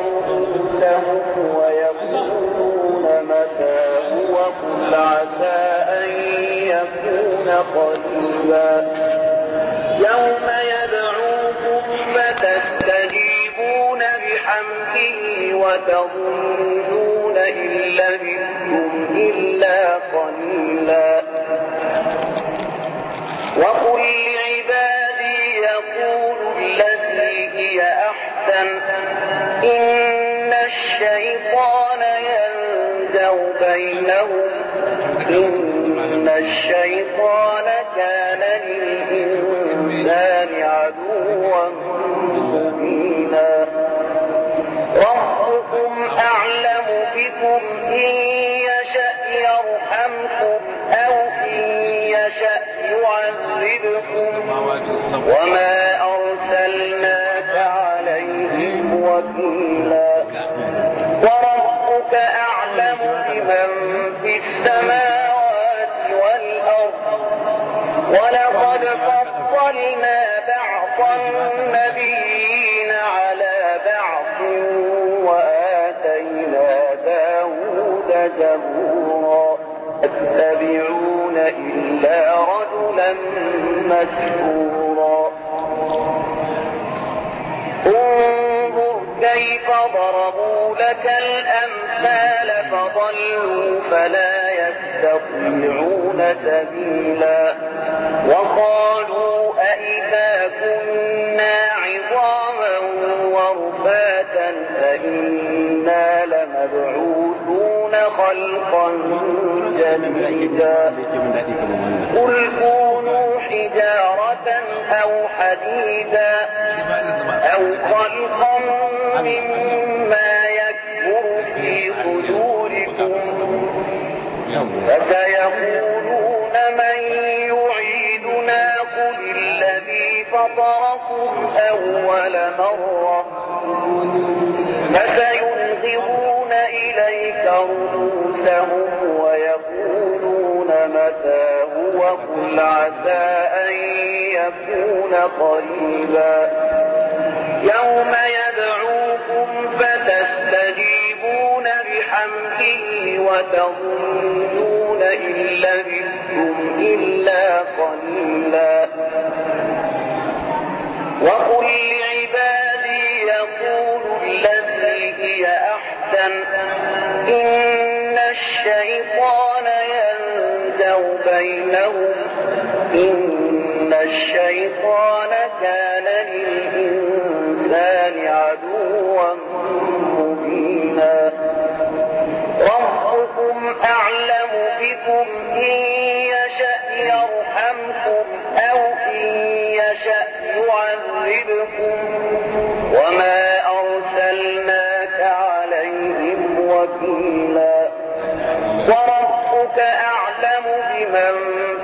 أنفسهم ويقولون متى هو قل عسى أن يكون قريبا يوم يدعوكم فتستجيبون بحمده وتظنون إن لبثتم إلا قليلا وقل لعبادي يقول التي هي أحسن إن الشيطان ينزو بينهم إن الشيطان كان للإنسان عدوا مبينا ربكم أعلم بكم إن يشأ يرحمكم أو إن يشأ يعذبكم وما السماوات والأرض ولقد فضلنا بعض النبيين على بعض وآتينا داود زبورا أتبعون إلا رجلا مسكورا كيف ضربوا لك الأمثال فضلوا فلا يستطيعون سبيلا وقالوا أئذا كنا عظاما ورفاتا فإنا لمبعوثون خلقا جديدا قل كونوا حجارة أو حديدا أو خلقا مما يكبر في صدوركم فسيقولون من يعيدنا قل الذي فطركم أول مرة فسينغضون إليك رؤوسهم ويقولون متى هو قل عسى أن يكون قريبا يوم يدعوكم فتستجيبون بحمده وتظنون إن لبثتم إلا قليلا وقل لعبادي يقول الذي هي أحسن إن الشيطان ينزو بينهم إن الشيطان كان وما أرسلناك عليهم وكيلا وربك أعلم بمن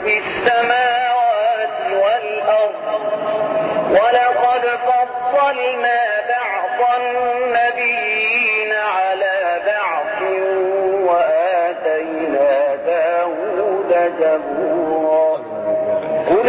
في السماوات والأرض ولقد فضلنا بعض النبيين على بعض وآتينا داود زبورا قل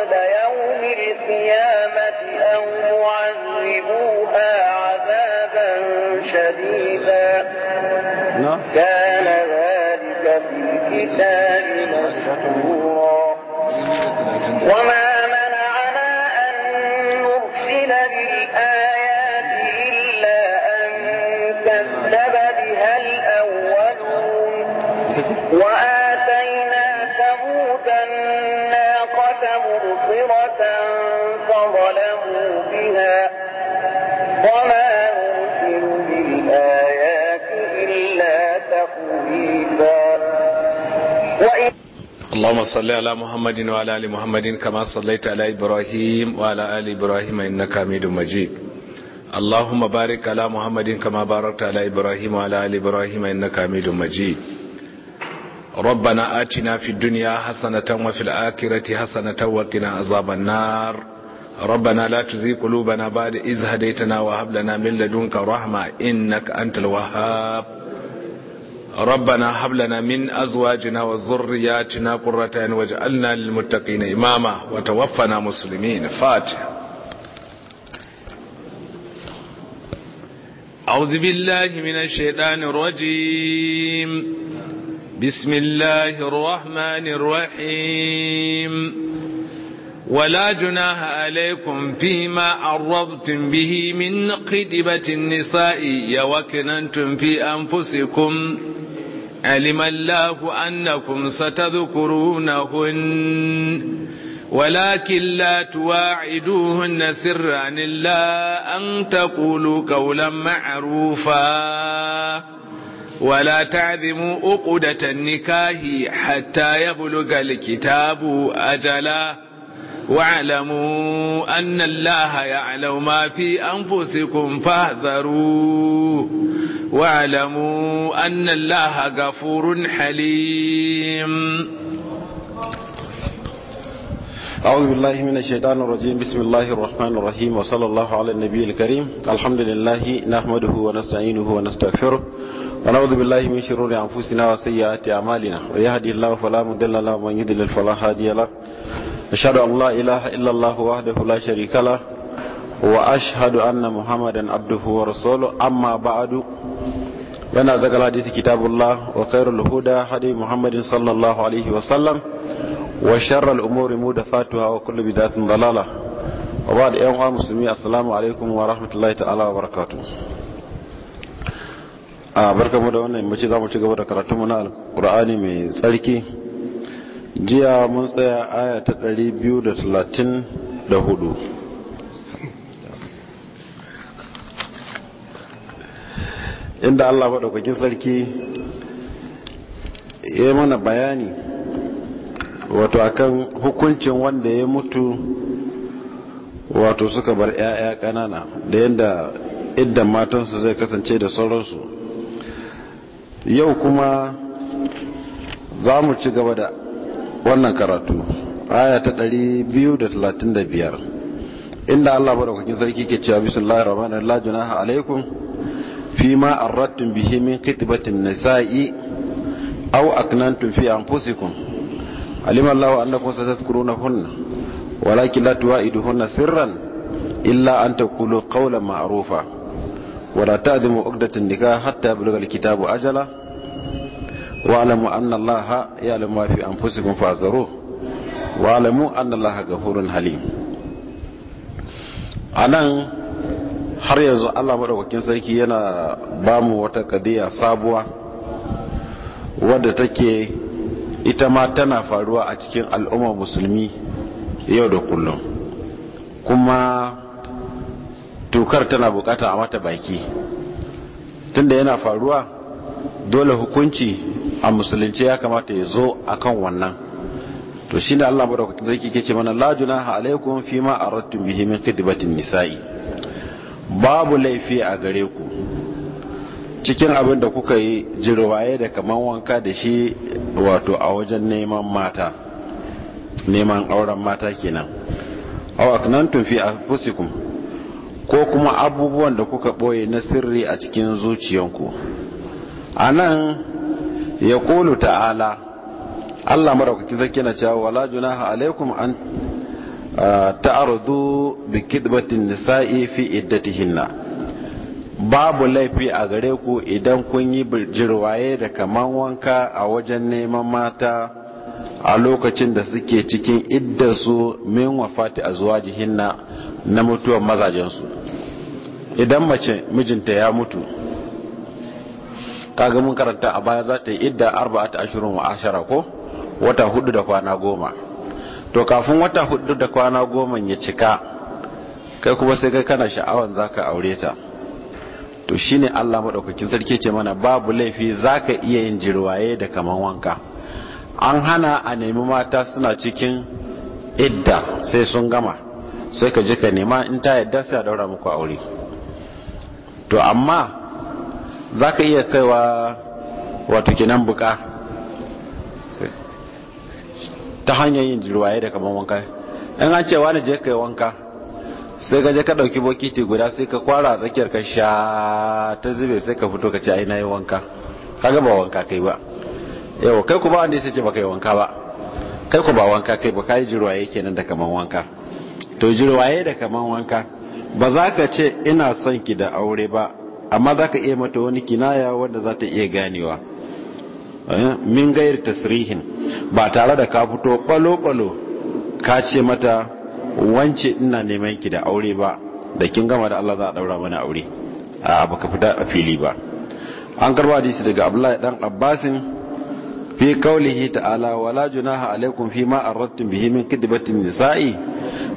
قبل يوم القيامة أو معذبوها عذابا شديدا نعم. كان ذلك في الكتاب مسطورا وما منعنا أن نرسل بالآيات إلا أن كذب بها الأولون نعم. اللهم صل على محمد وعلى ال محمد كما صليت على ابراهيم وعلى ال ابراهيم انك حميد مجيد اللهم بارك على محمد كما باركت على ابراهيم وعلى ال ابراهيم انك حميد مجيد ربنا آتنا في الدنيا حسنة وفي الآخرة حسنة وقنا عذاب النار ربنا لا تزغ قلوبنا بعد إذ هديتنا وهب لنا من لدنك رحمة إنك أنت الوهاب ربنا هب لنا من أزواجنا وذرياتنا قرة اعين واجعلنا للمتقين إماما وتوفنا مسلمين فاتحة أعوذ بالله من الشيطان الرجيم بسم الله الرحمن الرحيم ولا جناح عليكم فيما عرضتم به من قدبة النساء يوكننتم في أنفسكم علم الله أنكم ستذكرونهن ولكن لا تواعدوهن سرا إلا أن تقولوا قولا معروفا ولا تعذموا أقدة النكاه حتى يبلغ الكتاب أجله واعلموا أن الله يعلم ما في أنفسكم فاهذروا واعلموا أن الله غفور حليم أعوذ بالله من الشيطان الرجيم بسم الله الرحمن الرحيم وصلى الله على النبي الكريم الحمد لله نحمده ونستعينه ونستغفره ونعوذ بالله من شرور أنفسنا وسيئات أعمالنا ويهدي الله فلا مضل له ومن يضلل فلا هادي له أشهد أن لا إله إلا الله وحده لا شريك له وأشهد أن محمدا عبده ورسوله أما بعد لنا زكى الحديث كتاب الله وخير الهدى هدي محمد صلى الله عليه وسلم وشر الأمور محدثاتها وكل بدعة ضلالة وبعد أيها المسلمين السلام عليكم ورحمة الله تعالى وبركاته a barkamu da wannan mace za mu ci gaba da karatunmu na alkur'ani mai tsarki jiya mun tsaya aya ta hudu. inda Allah maɗaukakin sarki ya mana bayani wato akan hukuncin wanda ya mutu wato suka bar 'ya'ya ƙanana da yadda idan matansu zai kasance da sauransu yau kuma za mu ci gaba da wannan karatu aya ta biyar inda Allah madaukakin sarki ke cewa bismillahir rahmanir la junaha alaikum fima aradtum bihi min khitbatin nisa'i aw aknantum fi anfusikum alima Allahu annakum satazkurunahunna walakin la tuwa'iduhunna sirran illa an kula qawlan maarufa. wa la ta'dimu 'uqdatan nikah hatta yablugha al-kitabu ajala واعلموا أن الله يعلم ما في أنفسكم فأزروه واعلموا أن الله غفور حليم anan har yanzu Allah madaukakin sarki yana ba mu wata kadiya sabuwa wadda take ita ma tana faruwa a cikin al'ummar musulmi yau da kullum kuma tukar tana bukata a mata baki tunda yana faruwa dole hukunci a musulunci ya kamata ya zo a kan wannan to shi ne Allah madaukakin sarki ke ce mana lajuna junaha fi ma a rattun bihimin khidbatin nisa'i babu laifi a gare ku cikin abin da kuka yi jirwaye da kamar wanka da shi wato a wajen neman mata neman auren mata kenan aw aknantum fi fusikun ko kuma abubuwan da kuka ɓoye na sirri a cikin zuciyanku nan. ya ƙulu ta'ala allah maraukaki zaki na cewa wala junaha alaikum an ta'arudu bi kidbatin nisa'i fi iddatihinna babu laifi a gare ku idan kun yi jirwaye da kaman wanka a wajen neman mata a lokacin da suke cikin iddarsu min wafati a zuwa jihinna na mutuwar mazajensu idan mace mijinta ya mutu kaga mun karanta a baya za ta yi idda arba'ata ashirin wa ashara ko wata hudu da kwana goma to kafin wata hudu da kwana goma ya cika kai kuma sai kai kana sha'awan zaka aure ta to shine Allah madaukakin sarki ce mana babu laifi zaka iya yin jirwaye da kaman wanka an hana a nemi mata suna cikin idda sai sun gama sai ka je ka nema in ta yadda sai a daura muku aure to amma za ka iya kaiwa wato kinan buka ta hanyar yin jirwaye da kaman wanka in an ce na je kai wanka sai ka je ka ɗauki bokiti guda sai ka kwara a tsakiyar ka sha ta zube sai ka fito ka ci aina yi wanka kaga ba wanka kai ba yau kai ku ba wanda sai ce ba kai wanka ba kai ku ba wanka kai ba kai jirwaye kenan da kaman wanka to jirwaye da kaman wanka ba za ka ce ina son ki da aure ba amma za ka iya mata wani kinaya wanda za ta iya ganewa eh, min gayar tasirihin. ba tare da ka fito kwalo-kwalo ka ce mata wance ina neman ki da aure ba da kin gama da Allah za a daura mana aure a baka fita a fili ba an karba hadisi daga Abdullahi dan Abbasin fi qaulihi ta'ala wala junaha alaikum fi ma aradtum bihi min kidbatin nisa'i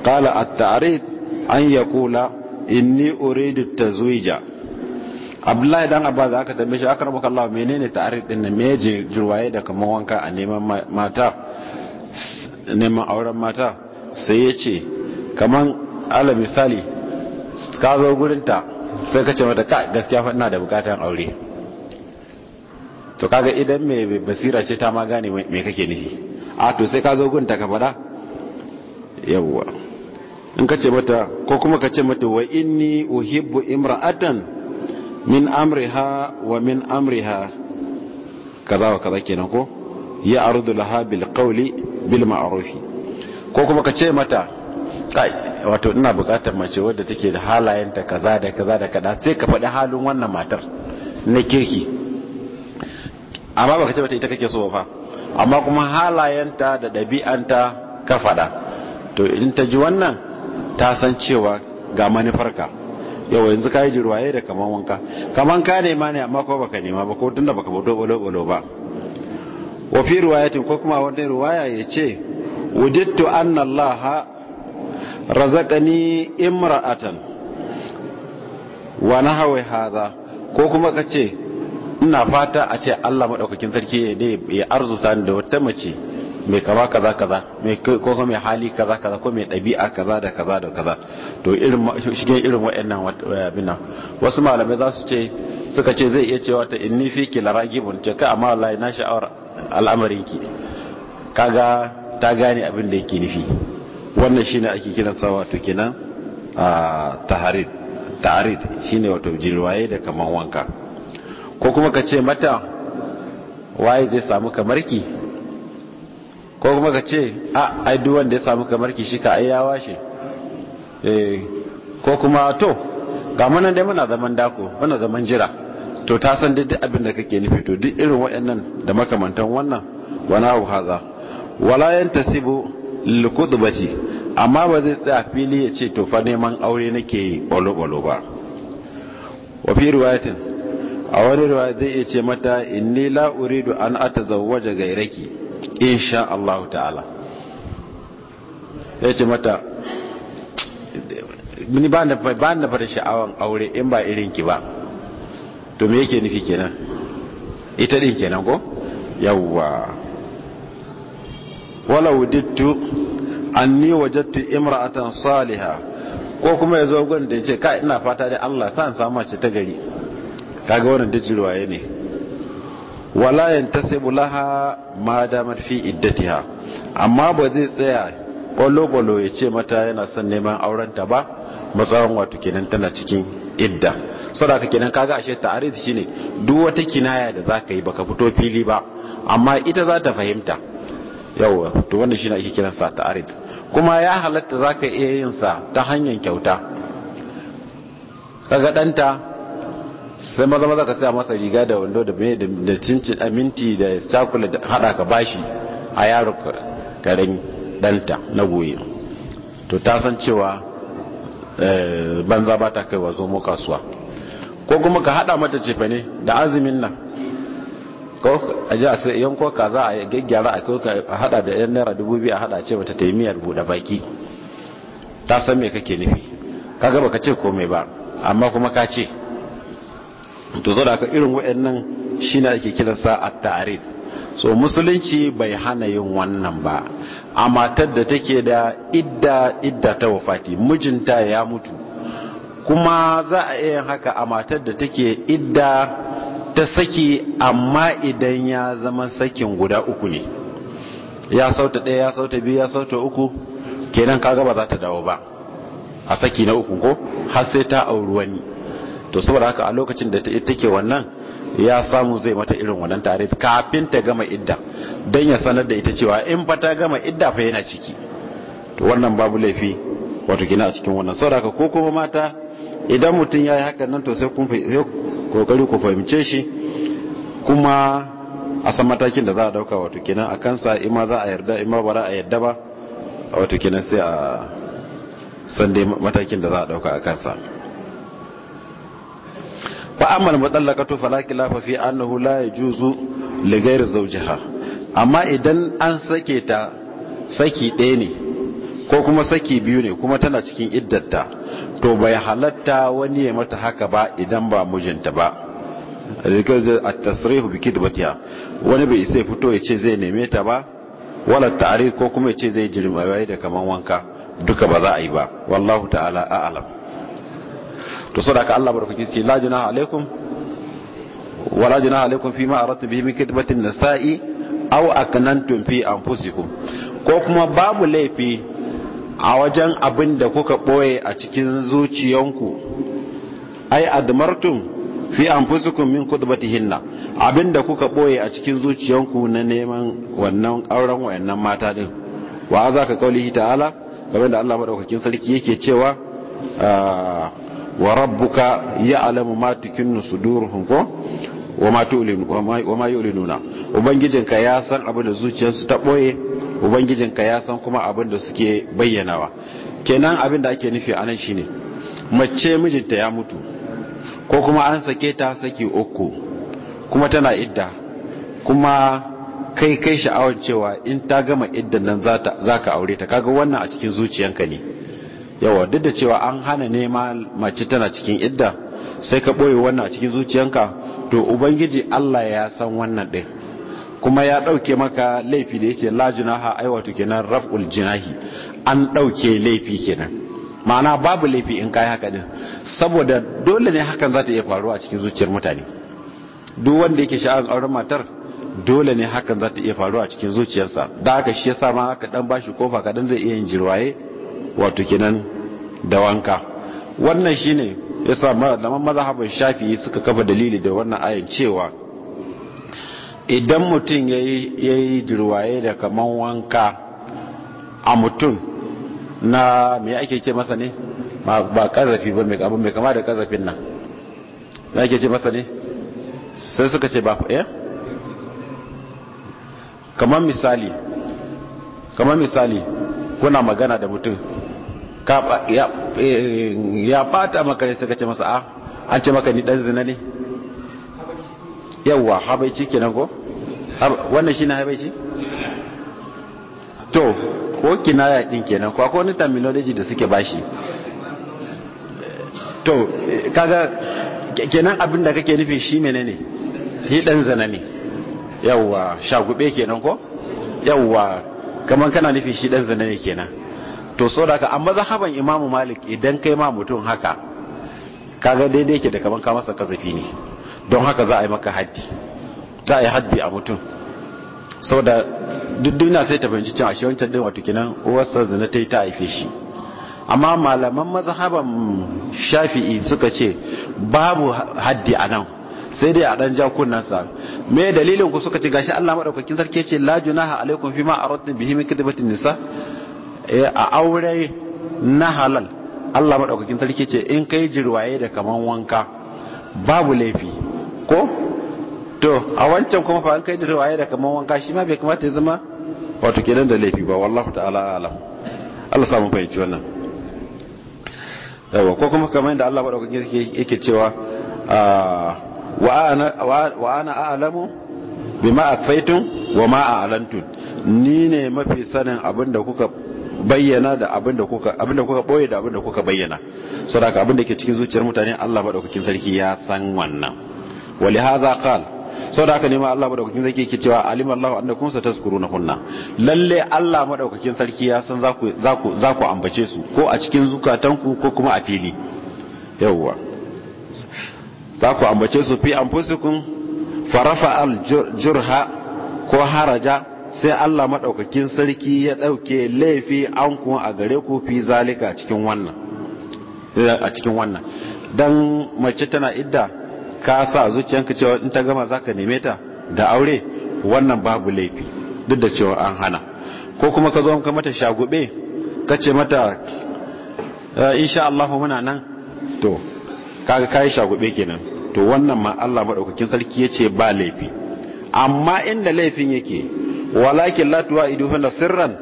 qala at-ta'rid an yaqula inni uridu tazwija abdullahi dan abba za ka tambaye shi aka rabu kallawa menene ta'arif din nan je jirwaye da kamar wanka a neman mata neman auren mata sai ya ce kaman ala misali ka zo gurinta sai ka ce mata ka gaskiya fa ina da bukatan aure to kaga idan mai basira ce ta ma gane me kake nufi a to sai ka zo gunta ka faɗa. yawwa in ka ce mata ko kuma ka ce mata wa inni uhibbu imra'atan min amriha wa min amriha kaza wa kaza kenan ko ya ardu laha bil qawli bil ma'ruf ko kuma ka ce mata kai wato ina bukatar mace wadda take da halayenta kaza da kaza da kada sai ka faɗi halin wannan matar na kirki amma baka ce mata ita kake so ba amma kuma halayenta da ɗabi'anta ka faɗa to in ta ji wannan ta san cewa ga manufarka yau yanzu ka yi jirwaye da kaman wanka kaman ka nema ne amma ko baka nema ba ko tun da baka bado bolo bolo ba Wafi fi ko kuma wani ruwaya ya ce wujidtu anna allaha imra'atan wa na nahwa haza, ko kuma ka ce ina fata a ce Allah maɗaukakin sarki ya arzuta ni da wata mace mai kama kaza kaza mai kuma mai hali kaza kaza ko mai ɗabi'a kaza da kaza da kaza to irin shigen irin waɗannan eh, abin nan wasu malamai za su ce suka ce zai iya cewa ta inni fi ki laragibun ce ka amma wallahi na sha'awar al'amarin ki kaga ta gane abin da yake nufi wannan shine ake kiran sawa to kenan a taharid taharid shine wato jirwaye da kaman wanka ko kuma ka ce mata waye zai samu kamar ki ko kuma ka ce a ai wanda ya samu kamar kishi shi ka ai ya eh, ko kuma to ga mana nan dai muna zaman dako muna zaman jira to ta san duk abin da kake nufi to duk irin waɗannan da makamantan wannan wana hu haza wala yantasibu lil amma ba zai tsaya fili ya ce to fa neman aure nake bolo-bolo ba wafi riwayatin a wani riwaya zai iya ce mata inni la uridu an atazawwaja gairaki insha Allah ta'ala ya ce mata ni ba na fara sha'awan aure in ba irin ki ba to me yake nufi kenan ita din kenan ko yawwa wala wudittu anni wajadtu imra'atan Saliha. ko kuma yazo gwan da yace kai ina fata dai Allah san samu mace ta gari kaga wannan dijirwaye ne wala yantasibu laha ma damat fi iddatiha amma ba zai tsaya bolo-bolo ya ce mata yana son neman aurenta ba matsawan wato kenan tana cikin idda saboda kenan kaga ashe ta'arif shine duk wata kinaya da zaka yi baka fito fili ba amma ita za ta fahimta yawa to wannan shine ake kiran sa ta'arid kuma ya halatta zaka iya yin sa ta hanyar kyauta kaga danta sai maza maza ka tsaya masa riga da wando da mai da cincin aminti da sakula da hada ka bashi a yaro karen danta na goyi to ta san cewa eh, banza ba ta kai wa mu kasuwa ko kuma ka hada mata cefa ne da azumin nan ko a ji a sai ko ka za a gaggyara a kai ka hada da yan naira dubu biyu a hada ce mata ta yi miyar buɗe baki ta san me kake nufi kaga baka ce komai ba amma kuma ka ce to zo da irin waɗannan shine ake kiransa a tare so musulunci bai hana yin wannan ba a matar da take da idda idda ta wafati mijinta ya mutu kuma za a iya haka a matar da take idda ta saki amma idan ya zama sakin guda uku ne ya sauta ɗaya ya sauta biyu ya sauta uku kenan kaga ba za ta dawo ba a saki na uku ko har sai ta auri wani to saboda haka a lokacin da take wannan ya samu zai mata irin wannan tare kafin ta gama idda don ya sanar da ita cewa in fa ta gama idda fa yana ciki to wannan babu laifi wato kina a cikin wannan saboda haka ko kuma mata idan mutum ya yi hakan nan to sai kun kokari ku fahimce shi kuma a san matakin da za a dauka wato kenan a kansa ima za a yarda ima ba za a yarda ba wato kenan sai a san dai matakin da za a dauka a kansa fa amal mutallaqatu fala khilafa fi annahu la yajuzu li ghairi amma idan an sake ta saki ɗaya ne ko kuma saki biyu ne kuma tana cikin iddarta to bai halatta wani ya mata haka ba idan ba mijinta ba rikazin a tasirihu biki da wani bai isa fito ya ce zai neme ta ba wala ta'ari ko kuma ya ce zai jirma da kaman wanka duka ba za a yi ba wallahu ta'ala a'alam to da ka Allah barkake ce la junaha alaikum wa la junaha alaikum fi ma aradtum bihi min kitabatin nisa'i aw aknantum fi anfusikum ko kuma babu laifi a wajen abin da kuka boye a cikin zuciyanku ai admartum fi anfusikum min qudbatihinna abin da kuka boye a cikin zuciyanku na neman wannan auren wayannan mata din wa za ka kaulihi ta'ala game da Allah madaukakin sarki yake cewa ah, wa rabbuka ya'lamu ma tukinnu sudurhum ko wa ma tu'linu wa ma yu'linuna ubangijinka ya san abin da zuciyarsu ta boye ubangijinka ya san kuma abin da suke bayyanawa kenan abin da ake nufi anan shine mace mijinta ya mutu ko kuma an sake ta saki uku kuma tana idda kuma kai kai sha'awar cewa in ta gama iddan nan za ka aure ta kaga wannan a cikin zuciyanka ne yawa duk da cewa an hana nema mace tana cikin idda sai ka boye wannan a cikin zuciyanka to ubangiji Allah ya san wannan ɗin kuma ya ɗauke maka laifi da yake la aiwatu kenan raf'ul jinahi an dauke laifi kenan ma'ana babu laifi in kai haka din saboda dole ne hakan za ta iya faruwa a cikin zuciyar mutane duk wanda yake sha'awar auren matar dole ne hakan za ta iya faruwa a cikin zuciyarsa da haka shi yasa ma aka dan bashi kofa kadan zai iya yin jirwaye wato kenan da wanka wannan shine yasa malaman mazhabin shafi'i suka kafa dalili da wannan ayan cewa idan mutum yayi jirwaye da kaman wanka a mutum na me ake ce masa ne ba kazafi ba mai abin mai kama da kazafin nan me ake ce masa ne sai suka ce ba eh Kaman misali kaman misali kuna magana da mutum ya fata eh, maka ne suka ce masa a ah, an ce maka ni dan zina ne yawwa habaici kenan ko wannan shi na habaici to ko kinaya din kenan ko akwai wani terminology da suke bashi to eh, kaga kenan abin da kake nufi shi menene ni dan zina ne yawwa shagube kenan ko yawwa kaman kana nufi shi dan zina ne kenan to da ka a mazhaban imamu malik idan kai ma mutum haka kaga daidai yake da kaman ka masa kasafi ne don haka za a yi maka haddi za a yi haddi a mutum da duk duniya sai ta fahimci cin a wancan din wato kenan uwarsa zina ta yi ta haife shi amma malaman mazhaban shafi'i suka ce babu haddi a nan sai dai a dan ja kunnansa me dalilin ku suka ce gashi Allah madaukakin sarki ce la junaha alaikum fi ma bihi min kitabatin nisa Eh, a aure na halal Allah maɗaukakin sarki ce in kai jirwaye da kaman wanka babu laifi ko to a wancan kuma fa in kai jirwaye da kaman wanka shi ma bai kamata ya zama wato kenan da laifi ba wallahu ta'ala alam Allah samu fahimci wannan yawa ko kuma kamar yadda Allah maɗaukakin sarki yake cewa wa ana a'lamu bima akfaitum wa ma a'lantum ni ne mafi sanin abin da kuka bayyana da abin da kuka abin da kuka boye da abin da kuka bayyana saboda abin da ke cikin zuciyar mutane Allah maɗaukakin sarki ya san wannan wali haza qal saboda da aka nema Allah maɗaukakin sarki yake cewa alim Allahu annakum satazkuruna hunna lalle Allah maɗaukakin sarki ya san zaku zaku zaku ambace su ko a cikin zukatanku ko kuma a fili yawwa zaku ambace su fi anfusikum farafa al jurha ko haraja sai Allah maɗaukakin sarki ya ɗauke laifi an kuma a gare ku fi zalika a cikin wannan a cikin wannan dan mace tana idda ka sa zuciyanka cewa in ta gama za ka neme ta da aure wannan babu laifi duk da cewa an hana ko kuma ka zo ka mata shagube ka ce mata eh, insha Allah muna nan to kaga kai shagube kenan to wannan ma Allah madaukakin sarki yace ba laifi amma inda laifin yake walakin la na sirran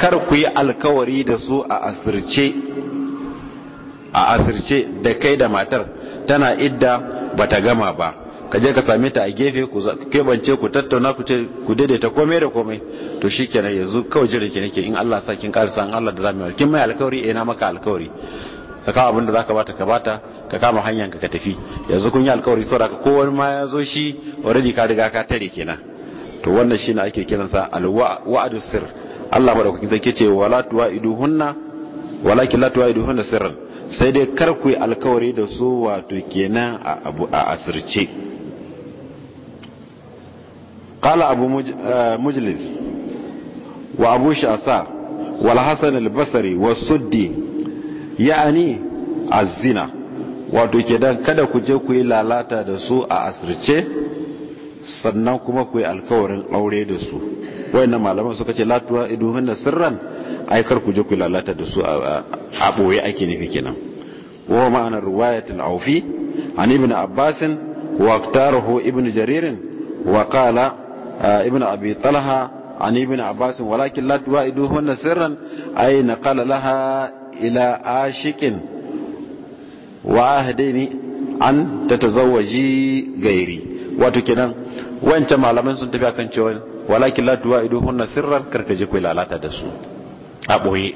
kar ku yi alkawari da su a asirce da kai da matar tana idda bata gama ba ka je ka same ta a gefe ku kebance ku tattauna ku ce ku daidaita komai da komai to shikenan yanzu kawai jira ki nake in Allah sa kin karsa in Allah da zamu yi kin mai alkawari eh na maka alkawari ka kawo abin da zaka bata ka bata ka kama hanyar ka tafi yanzu kun yi alkawari saboda ka kowa ma ya zo shi already ka riga ka tare kenan to wannan shine ake kiransa alwa'adu sir Allah madaukakin zai ce wala tuwa'iduhunna walakin la hunna sirran sai dai kar ku yi alkawari da su wato kenan a abu a asirce qala abu eh, mujlis wa abu shasa wal hasan al basri was suddi ya'ani az-zina wato kenan kada ku je ku yi lalata da su a asirce sannan kuma ku yi alkawarin aure da su wayannan malaman suka ce latuwa iduhun na sirran ai kar ku je ku lalata da su a boye ake nufi kenan wa ma'ana riwayatul aufi an ibn abbas wa aktarahu ibn jarir wa qala ibn abi talha an ibn abbas walakin latuwa iduhun na sirran ai naqala laha ila ashikin wa ahdini an tatazawwaji gairi wato kenan wancan malaman sun tafi akan cewa walakin la tuwaidu hunna sirran karka je ku lalata da su a boye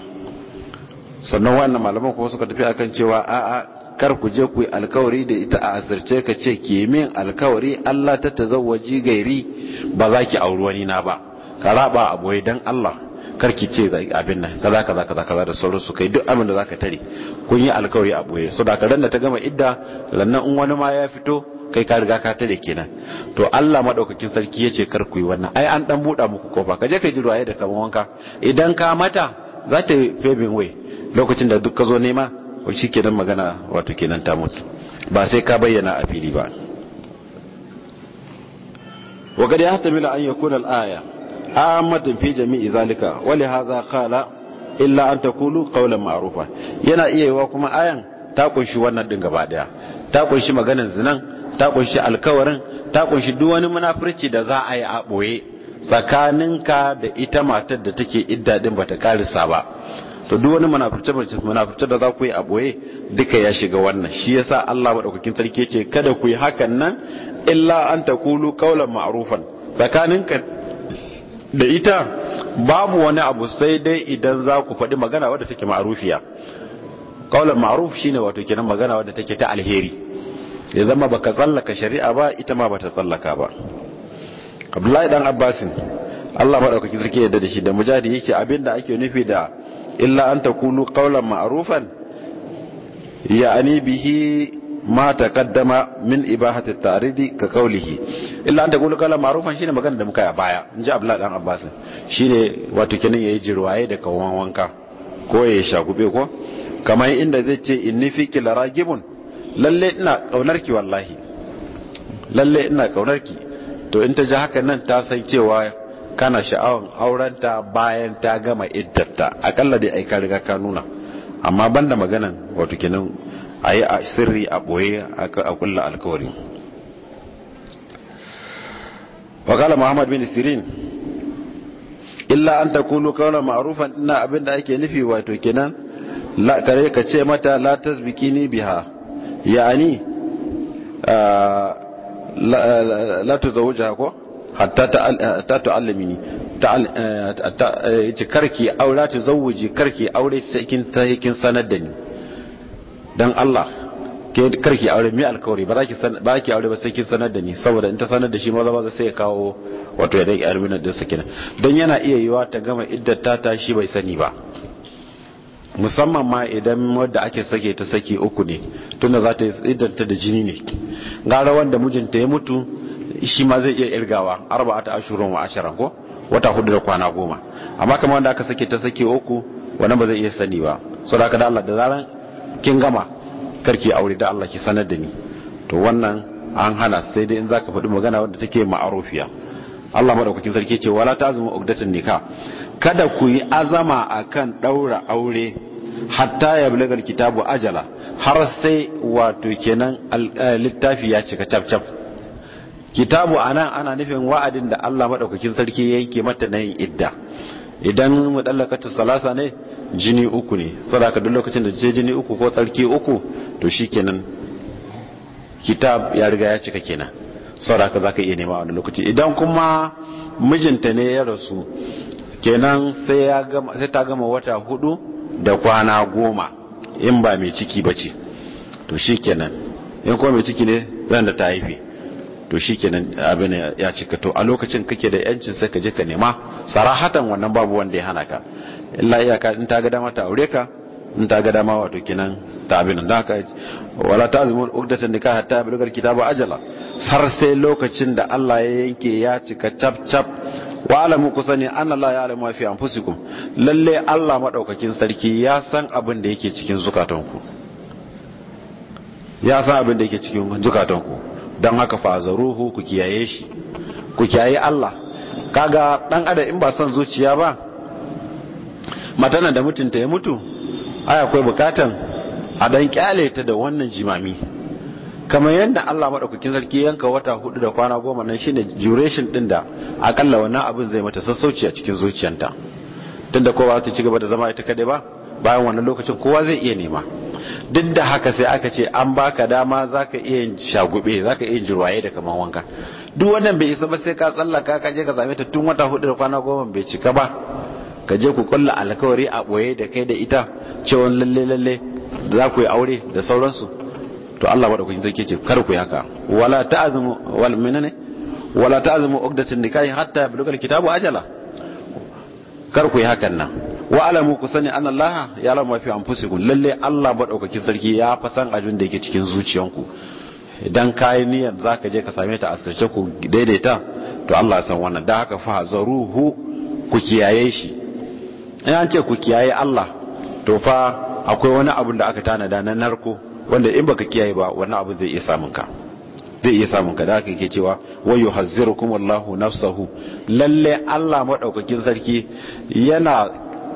sannan wannan malaman kuma suka tafi akan cewa a a kar ku je ku yi alkawari da ita a asirce ka ce ki min alkawari Allah ta tazawwaji gairi ba za ki auri wani na ba ka raba a boye dan Allah kar ki ce abin nan kaza kaza kaza kaza da sauran su kai duk abin da zaka tare kun yi alkawari a boye saboda da ka da ta gama idda lannan in wani ma ya fito kai ka riga ka tare kenan to Allah madaukakin sarki yace kar ku yi wannan ai an dan buda muku kofa ka je ka ji ruwaye da kaman wanka idan ka mata za ta fabin way lokacin da duk ka zo nema ko shikenan magana wato kenan ta mutu ba sai ka bayyana a fili ba wa kad yahtamilu an yakuna al-aya amatan fi jami'i zalika wa li hadha qala illa an taqulu qawlan ma'rufa yana iya yiwa kuma ayan ta kunshi wannan din gaba daya ta kunshi maganar zinan ta kunshi alkawarin ta kunshi duk wani munafurci da za a yi a ɓoye tsakaninka da ita matar da take idda din ta karisa ba to duk wani munafurce da za ku yi a ɓoye duka ya shiga wannan shi yasa Allah madaukakin sarki ce kada ku yi hakan nan illa an taqulu qawlan ma'rufan tsakaninka da ita babu wani abu sai dai idan za ku faɗi magana wadda take ma'rufiya qawlan ma'ruf shine wato kenan magana wadda take ta alheri ya zama baka tsallaka shari'a ba ita ma bata tsallaka ba abdullahi dan abbasin Allah madaukakin sarki yadda da shi da mujahidi yake abinda ake nufi da illa an takunu qawlan ma'rufan ya'ani bihi ma taqaddama min ibahati at-ta'ridi ka qawlihi illa an takunu qawlan ma'rufan shine magana da muka yi a baya ji Abdullahi dan Abbas shine wato kenan yi jirwaye da kawan wanka ko ya shagube ko kamar inda zai ce nufi fi kilaragibun lalle ina kaunar ki wallahi lalle ina kaunar ki to in ta ji haka nan ta san cewa kana sha'awar aurenta bayan ta gama iddarta akalla dai ai ka riga ka nuna amma banda maganan wato kenan ayi a sirri a boye a kulla alkawari wakala muhammad bin sirin illa an takunu kauna ma'rufan ina abinda ake nufi wato kenan la kare ka ce mata la tasbikini biha ya'ani la tuzawuja ko hatta ta'allamini karki ta zawuji karki aure sai kin sanar da ni don Allah karki aure mi alkawari ba ki aure ba sai kin sanar da ni saboda in ta sanar da shi maza maza sai ya kawo wato ya don yana iya yiwa ta gama iddata ta tashi bai sani ba musamman ma idan wadda ake sake ta sake uku ne tunda za ta idanta da jini ne gara wanda mijinta ya mutu shi ma zai iya irgawa ta ashirin wa ashirin ko wata hudu da kwana goma amma kama wanda aka sake ta sake uku wani ba zai iya sani ba so da da Allah da zaran kin gama karki aure da Allah ki sanar da ni to wannan an hana sai dai in zaka faɗi magana wadda take ma'arufiya Allah madaukakin sarki ce wala azumin ugdatin nikah kada ku yi azama akan daura aure hatta ya bulagar kitabu ajala har sai wato kenan eh, littafi ya cika cap kitabu anan ana nufin wa'adin da Allah madaukakin sarki ya yanke mata na yin idda idan mudallakatu salasa ne jini uku ne sadaka duk lokacin da je jini uku ko tsarki uku to shikenan kitab ya riga ya cika kenan sadaka zaka iya nema a wani lokaci idan kuma mijinta ne ya rasu kenan sai ya gama sai ta gama wata hudu da kwana goma in ba mai ciki bace to shikenan in kuma mai ciki ne ran da ta haife to shikenan abin ya cika to a lokacin kake da yancin sai ka je ka nema sarahatan wannan babu wanda ya hana ka illa iyaka in ta ga dama ta aure ka in ta ga dama wato kenan ta abin da ka wala tazmun uqdatan nikah hatta bulgar kitabu ajala sar sai lokacin da Allah ya yanke ya cika cap cap wa kusa ku sani an Allah ya alamu fi anfusikum lalle Allah madaukakin sarki ya san abin da yake cikin zukatanku ya san abin da yake cikin zukatanku don haka fazaruhu ku kiyaye shi ku kiyaye Allah kaga dan ada in ba san zuciya ba matana da mutunta ya mutu ai akwai bukatan a dan kyale ta da wannan jimami kamar yadda Allah maɗaukakin sarki yanka wata hudu da kwana goma nan shine duration din da akalla wannan abin zai mata sassauci a cikin zuciyanta tunda kowa ta ci gaba da zama ita kadai ba bayan wannan lokacin kowa zai iya nema duk da haka sai aka ce an baka dama zaka iya yin shagube zaka iya yin jirwaye da kamar wanka duk wannan bai isa ba sai ka tsallaka ka je ka same ta tun wata hudu da kwana goma bai cika ba ka je ku kulla alkawari a boye da kai da ita cewa lalle lalle za ku yi aure da sauransu to Allah madaukakin sarki ce kar ku haka wala ta'zimu wal minane wala ta'zimu uqdatun nikahi hatta yablugha alkitabu ajala kar ku yi hakan nan wa alamu ku sani anna Allah ya lamu fi anfusikum lalle Allah madaukakin sarki ya fa san ajin da yake cikin zuciyanku idan kai niyyar zaka je ka same ta asirce ku daidaita to Allah san wannan da haka fa zaruhu ku kiyaye shi in an ce ku kiyaye Allah to fa akwai wani abu da aka tanada na narko wanda in baka kiyaye ba wannan abu zai iya samun ka zai iya samun ka da aka yake cewa wayu yuhazzirukum Allahu nafsahu lalle Allah madaukakin sarki yana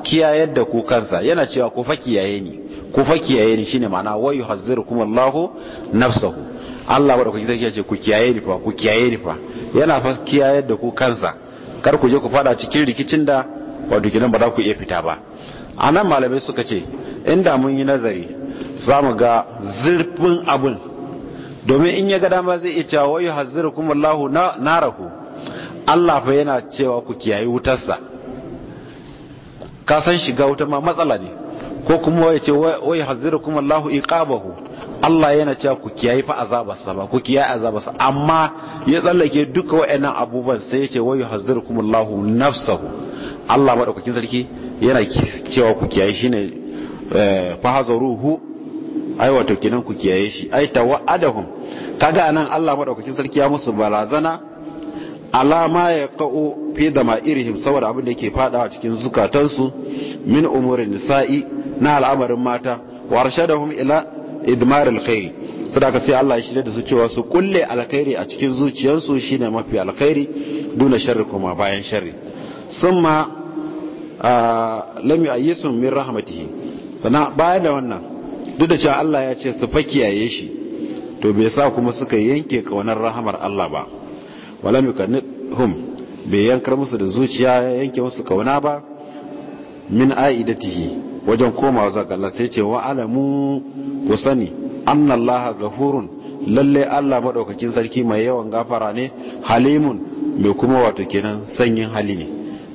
kiyayar da ku kansa yana cewa ku fa kiyaye ni ku fa kiyaye ni shine ma'ana wayu yuhazzirukum Allahu nafsahu Allah madaukakin sarki ya ku kiyaye ni fa ku kiyaye ni fa yana fa kiyayar da ku kansa kar ku je ku fada cikin rikicin da wato kidan ba za ku iya fita ba anan malamai suka ce inda mun yi nazari za mu ga zurfin abin domin in ya ga dama zai iya cewa wayo hazir kuma na rahu. Allah fa yana cewa ku kiyaye wutarsa ka san shiga wuta ma matsala ne ko kuma waye ce wayo hazir kuma lahu iqabahu Allah yana cewa ku kiyaye fa azabarsa ba ku kiyaye azabarsa amma ya tsallake duka wayannan abubuwan sai ya ce wayo hazir kuma lahu nafsahu Allah madaukakin sarki yana cewa ku kiyaye shine eh, fa hazaruhu ai wato kenan ku kiyaye shi ai tawaddahum kaga anan Allah madaukakin sarki ya musu barazana alama ya ka'o fi da saboda abin da yake fadawa cikin zukatansu min umurin nisa'i na al'amarin mata wa ila idmar alkhairi sadaka sai Allah ya shirya da su cewa su kulle alkhairi a cikin zuciyarsu shine mafi alkhairi duna sharri kuma bayan sharri summa ah, lam yu'ayyisum min rahmatihi sana bayan da wannan duk da cewa Allah ya ce su fa kiyaye shi to bai sa kuma suka yanke kaunar rahamar Allah ba walam yukanhum bai yankar musu da zuciya yanke musu kauna ba min aidatihi wajen komawa zuwa ga Allah sai ce wa alamu ku sani annallaha ghafurun lalle Allah madaukakin sarki mai yawan gafara ne halimun mai kuma wato kenan sanyin hali ne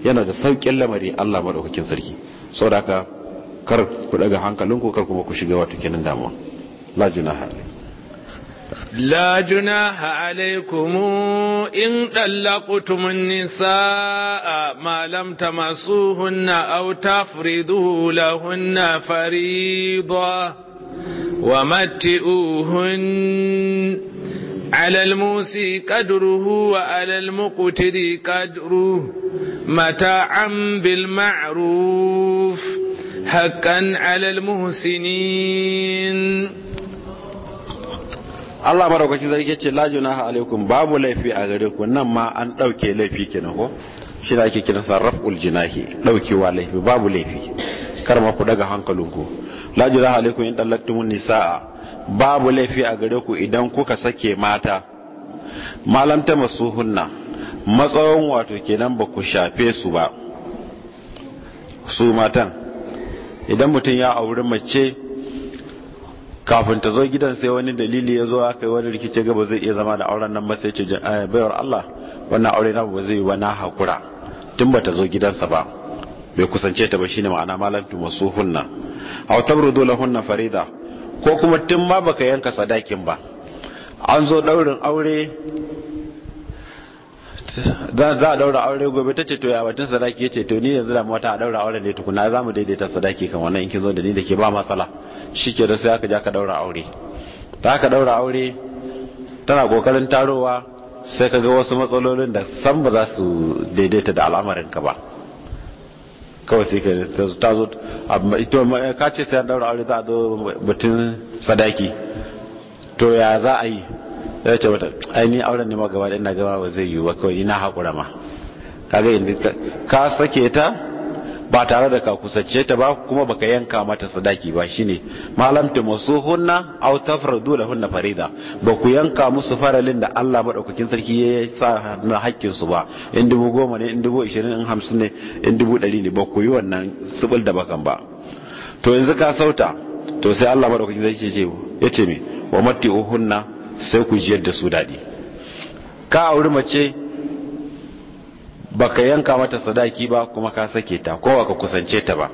yana da saukin lamari Allah madaukakin sarki saboda haka kar ku daga hankalinku kar kuma ku shiga wata kinin damuwa la junaha la junaha alaikum in dallaqtum an-nisaa ma lam tamasuhunna aw tafridu lahunna fariida wa matiuhun على الموسى قدره وعلى المقتدي قدره متاعا بالمعروف حقا على المحسنين Allah maraukakin zargi ce lajunaha alaikum babu laifi a gare ku nan ma an ɗauke laifi kenan ko shi da ake kiran sarraful ɗaukewa laifi babu laifi kar ma ku daga hankalinku lajunaha alaikum in dallaktumun nisaa babu laifi a gare ku idan kuka sake mata malam ta masuhunna matsawon wato kenan ba ku shafe su ba su matan idan mutum ya auri mace kafin ta zo gidan sai wani dalili ya zo aka yi wani rikice gaba zai iya zama da auren nan ba sai ce eh, bayar Allah wannan aure na ba zai wani hakura tun ba ta zo gidansa ba bai kusance ta ba shi ne ma'ana tu masu hunna aw tabrudu lahunna farida ko kuma tun ma baka yanka sadakin ba an zo ɗaurin aure za a daura aure gobe ta ce to ya batun sadaki ya ce to ni yanzu da wata a daura aure ne tukuna za mu daidaita sadaki kan wannan in kin zo da ni da ke ba matsala shi ke da sai aka ja ka daura aure ta aka daura aure tana kokarin tarowa sai ka ga wasu matsalolin da san ba za su daidaita da al'amarin ka ba kawai sai ka ta zo ka ce sai an daura aure za a zo batun sadaki to ya za a yi ya ce mata ai ni auren ne ma gaba da ina gaba ba zai yi ba kawai ina haƙura ma kaga yadda ka sake ta ba tare da ka kusace ta ba kuma baka yanka mata sadaki ba shine malam ta masuhunna aw tafradu lahunna farida ba ku yanka musu faralin da Allah madaukakin sarki ya sa na hakkin su ba in dubu goma ne in dubu ishirin in hamsin ne in dubu ɗari ne ba ku yi wannan subul da bakan ba to yanzu ka sauta to sai Allah madaukakin sarki ya ce ya ce me wa matti uhunna sai ku jiyar da su daɗi ka auri mace baka yanka mata sadaki ba kuma ka sake ta ko ka kusance ta ba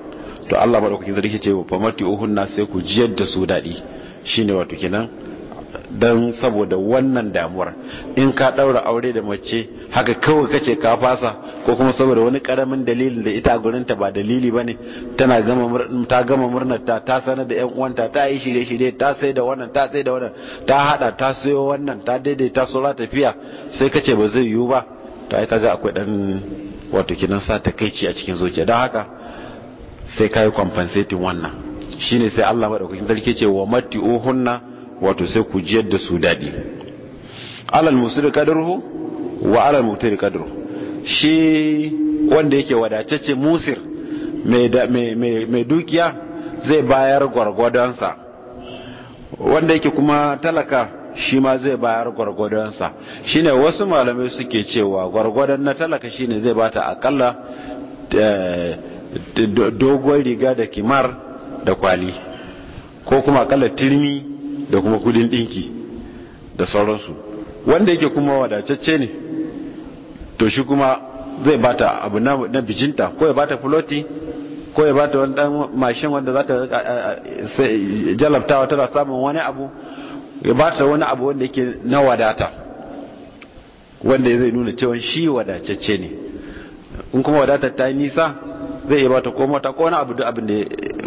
to Allah maɗaukakin sarki ce fa mati uhunna sai ku jiyar da su daɗi shine wato kenan don saboda wannan damuwar in ka ɗaura aure da mace haka kawai kace ka fasa ko kuma saboda wani karamin dalilin da ita gurinta ba dalili ba ne ta gama murnar ta sanar da 'yan uwanta ta yi shirye-shirye ta sai da wannan ta sai da wannan ta haɗa ta sayo wannan ta daidaita sura tafiya sai kace ba zai yiwu ba ta yi kaga akwai dan wato kinan sa ta takaici a cikin zuciya don haka sai ka yi compensating wannan shine sai Allah maɗaukakin sarki ce wa mati'uhunna wato sai ku jiyar da su daɗi alal musiri wa alal mutiri kadaruhu shi wanda yake wadatacce musir mai dukiya zai bayar gwargwadonsa wanda yake kuma talaka shi ma zai bayar gwargwadonsa shine wasu malamai suke cewa gwargwadon na talaka shine zai bata akalla eh, dogon riga da kimar da kwali ko kuma akalla turmi da kuma kudin dinki da sauransu wanda yake kuma wadatacce ne to shi kuma zai bata abu na bijinta ko ya bata floti ko ya bata wani dan mashin wanda za ta jalabtawa tana samun wani abu ya bata wani abu wanda yake na wadata wanda zai nuna cewa shi wadatacce ne in kuma wadatar ta yi nisa zai iya bata ko mota ko wani abu da abin da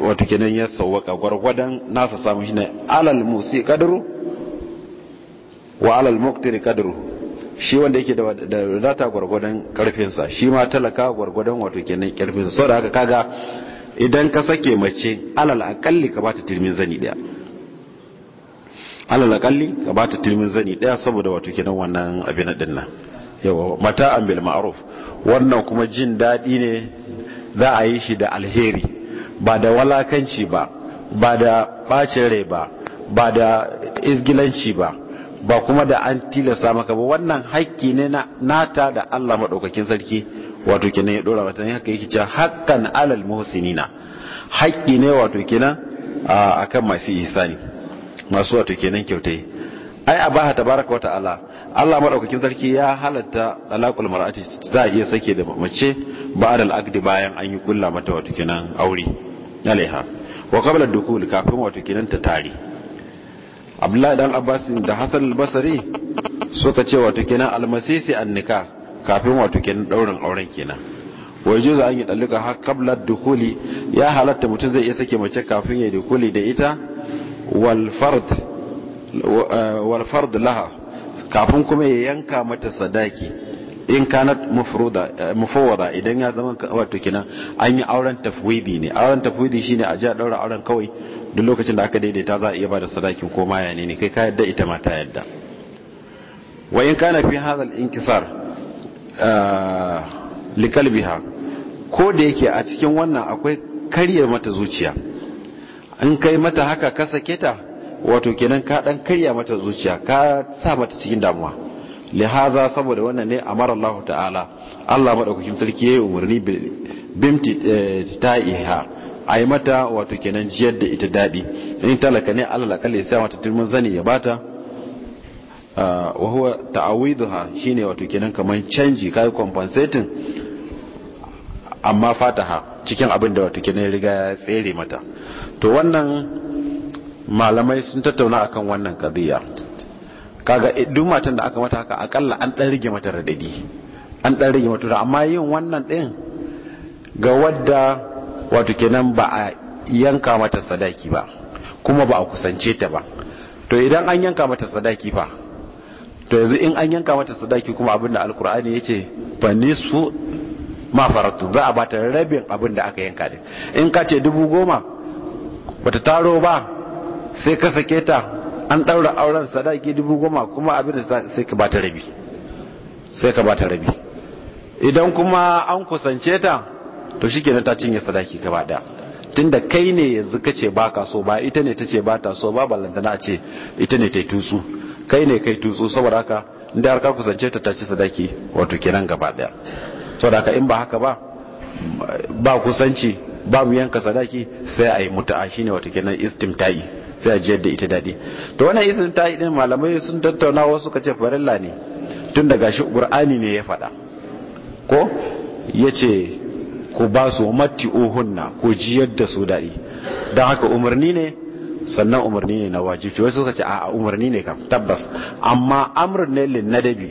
wata kenan ya sauwaka gwargwadon nasa samu na alal musi kadru wa alal muqtir kadru shi wanda yake da wadata gwargwadon karfinsa shi ma talaka gwargwadon wato kenan karfinsa sau da haka kaga idan ka sake mace alal akalli ka bata tirmin zani daya alal akalli ka bata tirmin zani daya saboda wato kenan wannan abin din nan yawa mata an bil ma'ruf wannan kuma jin dadi ne za a yi shi da alheri ba da walakanci ba ba da bacin rai ba ba da izgilanci ba ba kuma da an tilasta maka ba wannan haƙƙi ne na nata da Allah maɗaukakin sarki wato kenan ya ɗora mata ne haka yake cewa haƙƙan alal muhsinina haƙƙi ne wato kenan akan masu ihsani masu wato kenan kyautai ai abaha tabaraka wa ta'ala Allah madaukakin sarki ya halatta talaqul mar'ati za a iya sake da mace ba'da da aqdi bayan an yi kulla mata wato kenan aure alaiha wa qabla dukul kafin wato kenan ta tare Abdullahi dan Abbas da Hasan al-Basri suka ce wato kenan al-masisi an-nikah kafin wato kenan daurin auren kenan wai juza an yi dalika har qabla dukuli ya halatta mutum zai iya sake mace kafin ya dukuli da ita wal fard wal fard laha kafin kuma ya yanka mata sadaki in kanat eh, mufawwada idan ya zama wato kina an yi auren tafwidi ne auren tafwidi shine a ji a daura auren kawai duk lokacin da aka daidaita za a iya bada sadakin ko ma ne kai ka yadda ita ma ta yadda wa in kana fi hadal inkisar eh, li kalbiha ko da yake a cikin wannan akwai karye mata zuciya in kai mata haka ka sake ta wato kenan ka dan karya mata zuciya ka sa mata cikin damuwa lihaza saboda wannan ne amara Allah ta'ala Allah madaukakin sarki yayi umarni bimti eh, ta'iha ai mata wato kenan jiyar da ita dadi in talaka ne Allah kalle sai mata turmin zani ya bata ah, wa huwa ta'awidha shine wato kenan kaman canji kai compensating amma fataha cikin abin da wato kenan riga ya tsere mata to wannan malamai sun tattauna akan wannan kadiyya kaga eh, duk matan da aka mata haka akalla an dan rige mata radadi an dan rige mata amma yin wannan din ga wadda wato kenan ba a yanka mata sadaki ba kuma ba a kusance ta ba to idan an yanka mata sadaki fa to yanzu in an yanka mata sadaki kuma abin da alkur'ani yace fa nisfu ma faratu za a bata rabin abin da aka yanka din in ka ce dubu goma bata taro ba sai ka sake ta an ɗaura auren sadaki dubu goma kuma abin sai ka bata rabi sai ka bata rabi idan kuma an kusance ta to shi ta cinye sadaki gaba ɗaya tun da kai ne yanzu ka ce ba ka so ba ita ne ta ce ba ta so ba ballantana a ce ita ne ta yi tutsu kai ne kai tutsu saboda haka inda har ka kusance ta ta ci sadaki wato kenan gaba ɗaya saboda haka in ba haka ba ba kusanci babu yanka sadaki sai a yi mutu'a shine wato kenan istimta'i sai a jiyar da ita daɗi to wannan isin ta yi malamai sun tattauna wasu ce farilla ne tun daga shi ƙur'ani ne ya faɗa ko ya ce ku ba su matti ohunna ko jiyar da su daɗi don haka umarni ne sannan umarni ne na wajibci wasu suka ce a umarni ne kam tabbas amma amrun ne lin nadabi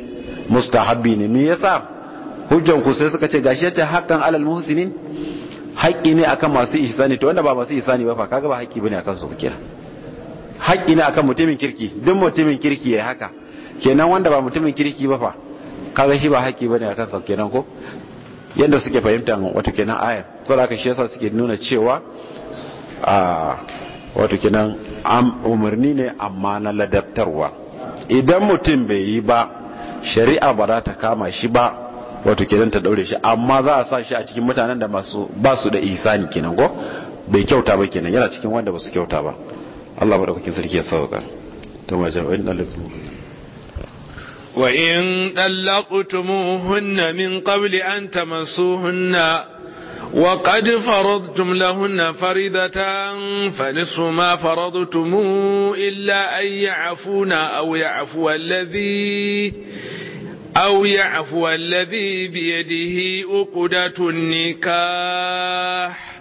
mustahabbi ne me yasa hujjan ku sai suka ce gashi yace hakan alal muhsinin haƙƙi ne akan masu ihsani to wanda ba masu ihsani ba fa kaga ba haƙƙi bane akan su kenan haƙƙi ne akan mutumin kirki duk mutumin kirki ya haka kenan wanda ba mutumin kirki ba fa kaga shi ba haƙƙi bane akan sa kenan ko yadda suke fahimta wato kenan aya saboda haka shi yasa suke nuna cewa a wato kenan umarni ne amma na ladabtarwa idan mutum bai yi ba shari'a ba za ta kama shi ba wato kenan ta daure shi amma za a sa shi a cikin mutanen da masu ba su da ihsani kenan ko bai kyauta ba kenan yana cikin wanda ba su kyauta ba Allah maɗaukakin sarki ya sauka ta majar wa'in ɗalibtumu wa'in ɗalibtumu hunna min ƙabli an ta masu hunna wa hunna faradtum lahunna faridatan fa nisfu ma faradtum illa an ya'funa aw ya'fu alladhi aw ya'fu alladhi bi yadihi uqdatun nikah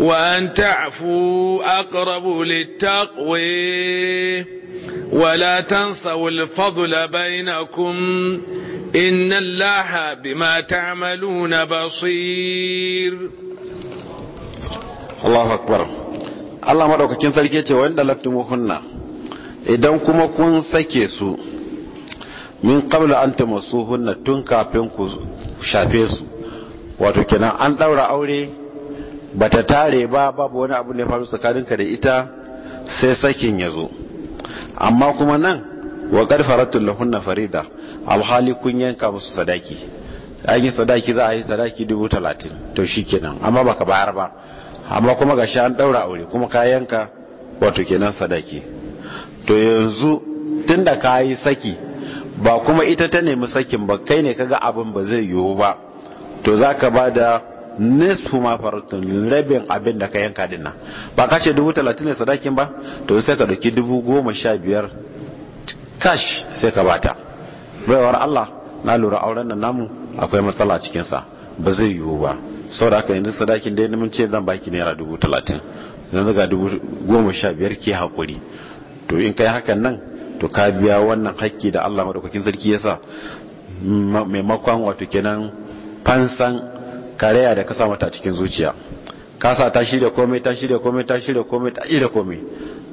وأن تعفوا أقرب للتقوى ولا تنسوا الفضل بينكم إن الله بما تعملون بصير الله أكبر Allah maɗaukakin sarki ce wa inda lattumuhunna idan kuma kun sake su min qabla an tamassuhunna tun kafin ku shafe su wato kenan an ɗaura aure bata tare ba babu wani abu ne faru tsakaninka da ita sai sakin ya zo amma kuma nan wa karfaratun lahunna farida hali kun yanka musu sadaki an yi sadaki za a yi sadaki dubu talatin to shi kenan amma baka bayar ba amma kuma ga an daura aure kuma ka yanka wato kenan sadaki to yanzu tun da ka yi saki ba kuma ita ta nemi sakin ba kai ne kaga abin ba zai yiwu ba to za ka ba da nisfu ma faratun rabin abin da ka yanka dinna nan ba ka ce dubu talatin ne sadakin ba to sai ka dauki dubu goma sha biyar kash sai ka bata baiwar Allah na lura auren nan namu akwai matsala cikin sa ba zai yiwu ba saboda haka yanzu sadakin da mun ce zan baki naira dubu talatin yanzu ga dubu goma sha biyar ke hakuri to in kai hakan nan to ka biya wannan hakki da Allah madaukakin sarki ya sa maimakon wato kenan fansan karaya da ka sa mata cikin zuciya ka sa ta shirya komai ta shirya komai ta shirya komai ta ira komai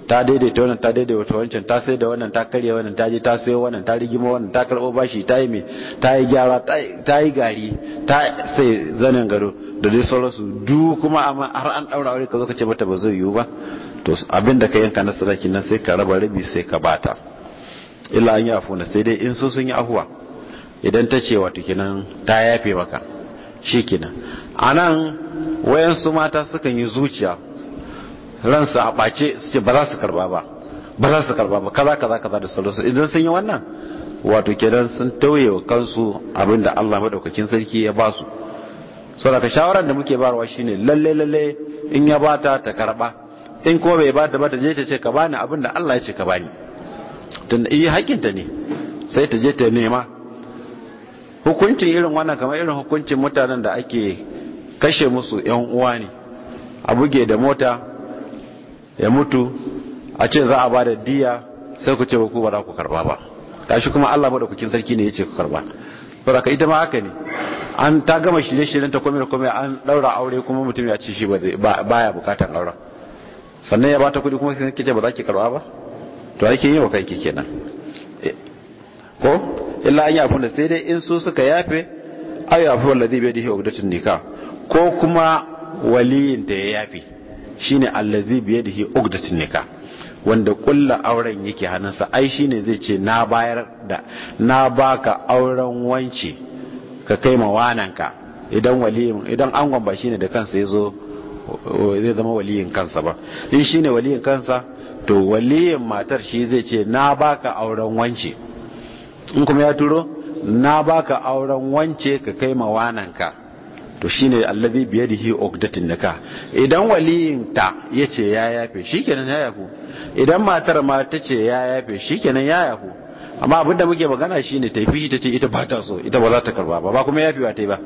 ta daidaita wannan ta daidaita wancan ta sai da wannan ta karya wannan ta je ta sayo wannan ta rigima wannan ta karɓo bashi ta yi mai ta yi gyara ta yi gari ta sai zanen gado da dai sauransu du kuma amma har an daura aure ka zo ka ce mata ba zai yiwu ba to abin da ka yanka na sadaki nan sai ka raba rabi sai ka bata illa an yi afuna sai dai in so sun yi afuwa idan ta ce wato kenan ta yafe maka nan anan wayansu mata sukan yi zuciya ransa a ɓace su ce ba za su karba ba ba za su karba ba kaza kaza kaza da sauransu idan sun yi wannan wato kenan sun tauye wa kansu abinda Allah madaukakin sarki ya ba su saboda shawaran da muke barwa shine lalle lalle in ya bata ta karba in kuma bai bata ba ta je ta ce ka bani abinda Allah ya ce ka bani tunda yi eh, hakinta ne sai ta je ta nema hukuncin irin wannan kamar irin hukuncin mutanen da ake kashe musu yan uwa ne a buge da mota ya mutu a ce za a ba da diya sai ku ce ku ba za ku karba ba gashi kuma Allah kukin sarki ne ya ce ku karba saboda ita ma haka ne an ta gama shirye-shiryen ta komai da komai an daura aure kuma mutum ya ci shi ba baya bukatan aure sannan ya bata kudi kuma sai kike ba za ki karba ba to ake yi wa kai kenan eh, ko illa an yafu da sai dai in su suka yafe ay yafu alladhi bi yadihi uqdatun nika. ko kuma waliyin da ya yafe shine allazi bi yadihi uqdatun nika. wanda kulla auren yake hannunsa ai ne zai ce na bayar da na baka auren wanci ka kai mawananka. idan waliyin idan angon ba ne da kansa ya zo, zai zama waliyin kansa ba in shi ne waliyin kansa to waliyin matar shi zai ce na baka auren wance in kuma ya turo na baka auren wance ka kai mawananka to shine allazi yadihi uqdatun naka idan ta yace ya yafe shikenan ya yafu idan matar ma tace ya yafe shikenan ya yafu amma abinda muke magana shine ta fi ta ce ita ba ta so ita ba za ta karba ba ba kuma ba ta yi ba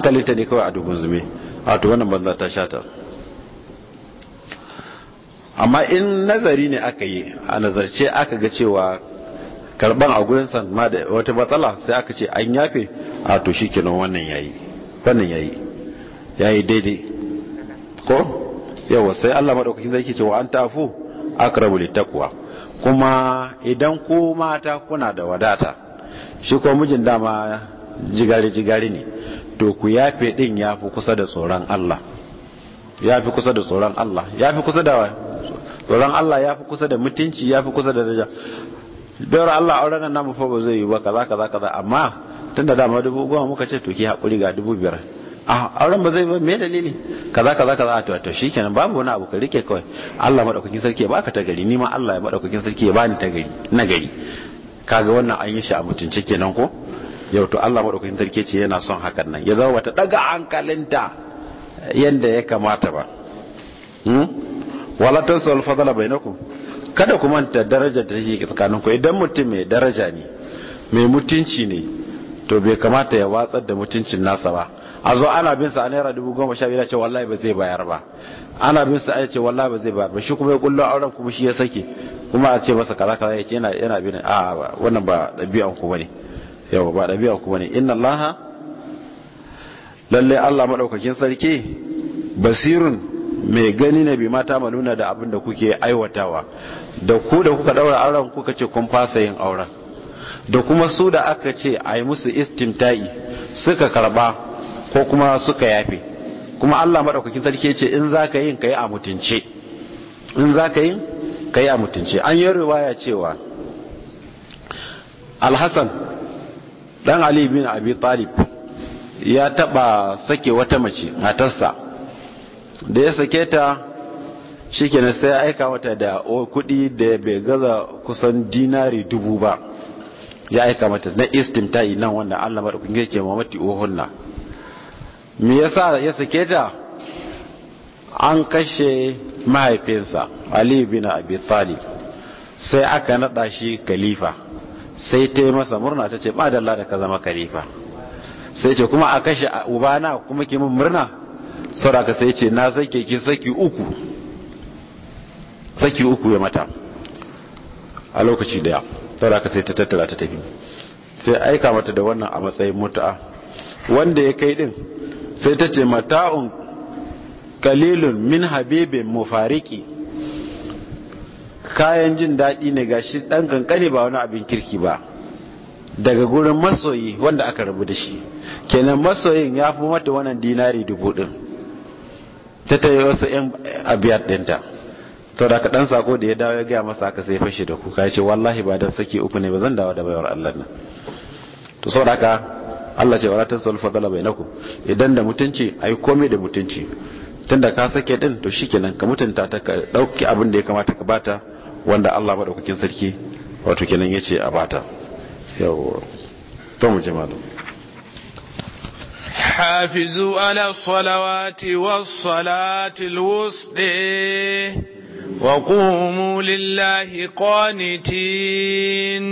ta ne kawai a dogon zume a to wannan banza ta shata amma in nazari ne aka yi a nazarce aka ga cewa karban a gurin san ma da wata matsala sai aka ce an yafe a to shikenan wannan yayi wannan yayi yayi daidai ko yawa sai Allah madaukakin zai ce wa an tafu akrabu littaqwa kuma idan ku mata kuna da wadata shi ko mijin dama jigari jigari ne to ku yafe din yafi kusa da tsoron Allah yafi kusa da tsoron Allah yafi kusa da tsoron Allah ya fi kusa da mutunci ya fi kusa da daraja dora Allah auren nan namu fa ba zai yi ba kaza kaza kaza amma tunda dama dubu goma muka ce to ki hakuri ga dubu biyar a auren ba zai ba me dalili kaza kaza kaza to to shikenan babu wani abu ka rike kawai Allah madaukakin sarki ya baka ta gari ni ma Allah ya madaukakin sarki ya bani ta gari na gari kaga wannan an yi shi a mutunce kenan ko yau to Allah madaukakin sarki ce yana son hakan nan ya zama bata daga hankalinta yanda ya kamata ba hmm? wala bai fadala bainakum kada ku manta darajar da take tsakanin ku idan mutum mai daraja ne mai mutunci ne to bai kamata ya watsar da mutuncin nasa ba a zo ana bin sa a naira dubu goma sha biyar ce wallahi ba zai bayar ba ana bin sa a ce wallahi ba zai bayar ba shi kuma ya kullo auren kuma shi ya sake kuma a ce masa kaza kaza ya ce yana yana bin a wannan ba ɗabi'an ku bane yawa ba ɗabi'an ku bane inna allaha lalle allah madaukakin sarki basirun mai gani na bi mata ma nuna da abin da kuke aiwatawa da ku da kuka daura auren kuka ce kun fasa yin auren da kuma su da aka ce a yi musu istimta'i suka karba ko kuma suka yafe kuma Allah maɗaukakin sarki ce in zaka yin yi a mutunce in yin yi a mutunce an yi riwaya cewa alhassan ɗan alibin Ali bin Abi Talib ya taɓa sake wata mace matarsa da ya sake ta shi kenan sai ya aika mata da kudi da bai gaza kusan dinari dubu ba ya aika mata na istimtai nan wannan allah maɗaukin yake mamati ohunna me yasa ya sake ta an kashe mahaifinsa ali bin abi talib sai aka naɗa shi khalifa sai ta yi masa murna ta ce ba da ka zama khalifa sai ce kuma a kashe ubana kuma ke min murna sauraka sai ce na zake ki saki uku saki uku ya mata a lokaci daya sauraka sai ta tattara ta tafi sai aika mata da wannan a matsayin mutu'a wanda ya kai din sai ta ce mata'un kalilun min habibin mufariki kayan jin daɗi ne gashi ɗan kankani ba wani abin kirki ba daga gurin masoyi wanda aka rabu da shi kenan masoyin ya fi mata wannan dinari dubu ɗin ta yi wasu yan abiyar dinta to da ka ɗan sako da ya dawo ya gaya masa aka sai fashe da kuka ya ce wallahi ba dan saki uku ne ba zan dawo da bayar Allah nan to saboda haka Allah ce wala tasul fadala bainakum idan da mutunci ai komai da mutunci tunda ka sake din to shikenan ka mutunta ta ka dauki abin da ya kamata ka bata wanda Allah madaukakin sarki wato kenan yace a bata yau to mu jama'a حافظوا على الصلوات والصلاة الوسطى وقوموا لله قانتين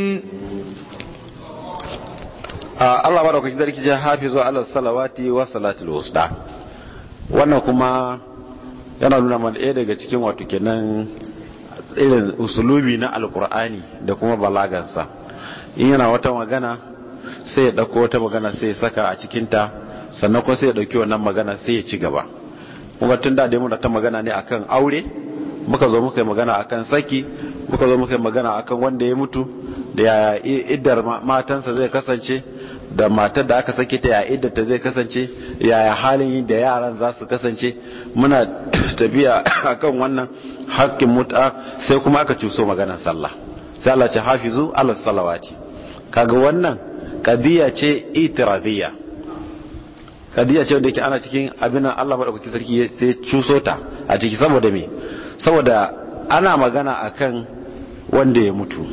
Allah ba da kuki zarki jan hafizu ala salawati wa salatul wusta wannan kuma yana nuna mana ɗaya daga cikin wato kenan irin usulubi na alkur'ani da kuma balagansa in yana wata magana sai ya ɗauko wata magana sai ya saka a cikinta sannan kuma sai ya dauki wannan magana sai ya ci gaba kuma tun da dai muna ta magana ne akan aure muka zo muka yi magana akan saki muka zo muka yi magana akan wanda ya mutu da ya iddar matansa zai kasance da matar da aka sake ta ya iddar ta zai kasance ya halin da yaran za su kasance muna tafiya akan wannan haƙƙin mut'a sai kuma aka cuso maganar sallah sai Allah ce hafizu ala salawati kaga wannan kadiya ce itiradiyya kadiya ce wanda yake ana cikin abin nan Allah madaukakin sarki sai cuso ta a ciki saboda me saboda ana magana akan wanda ya mutu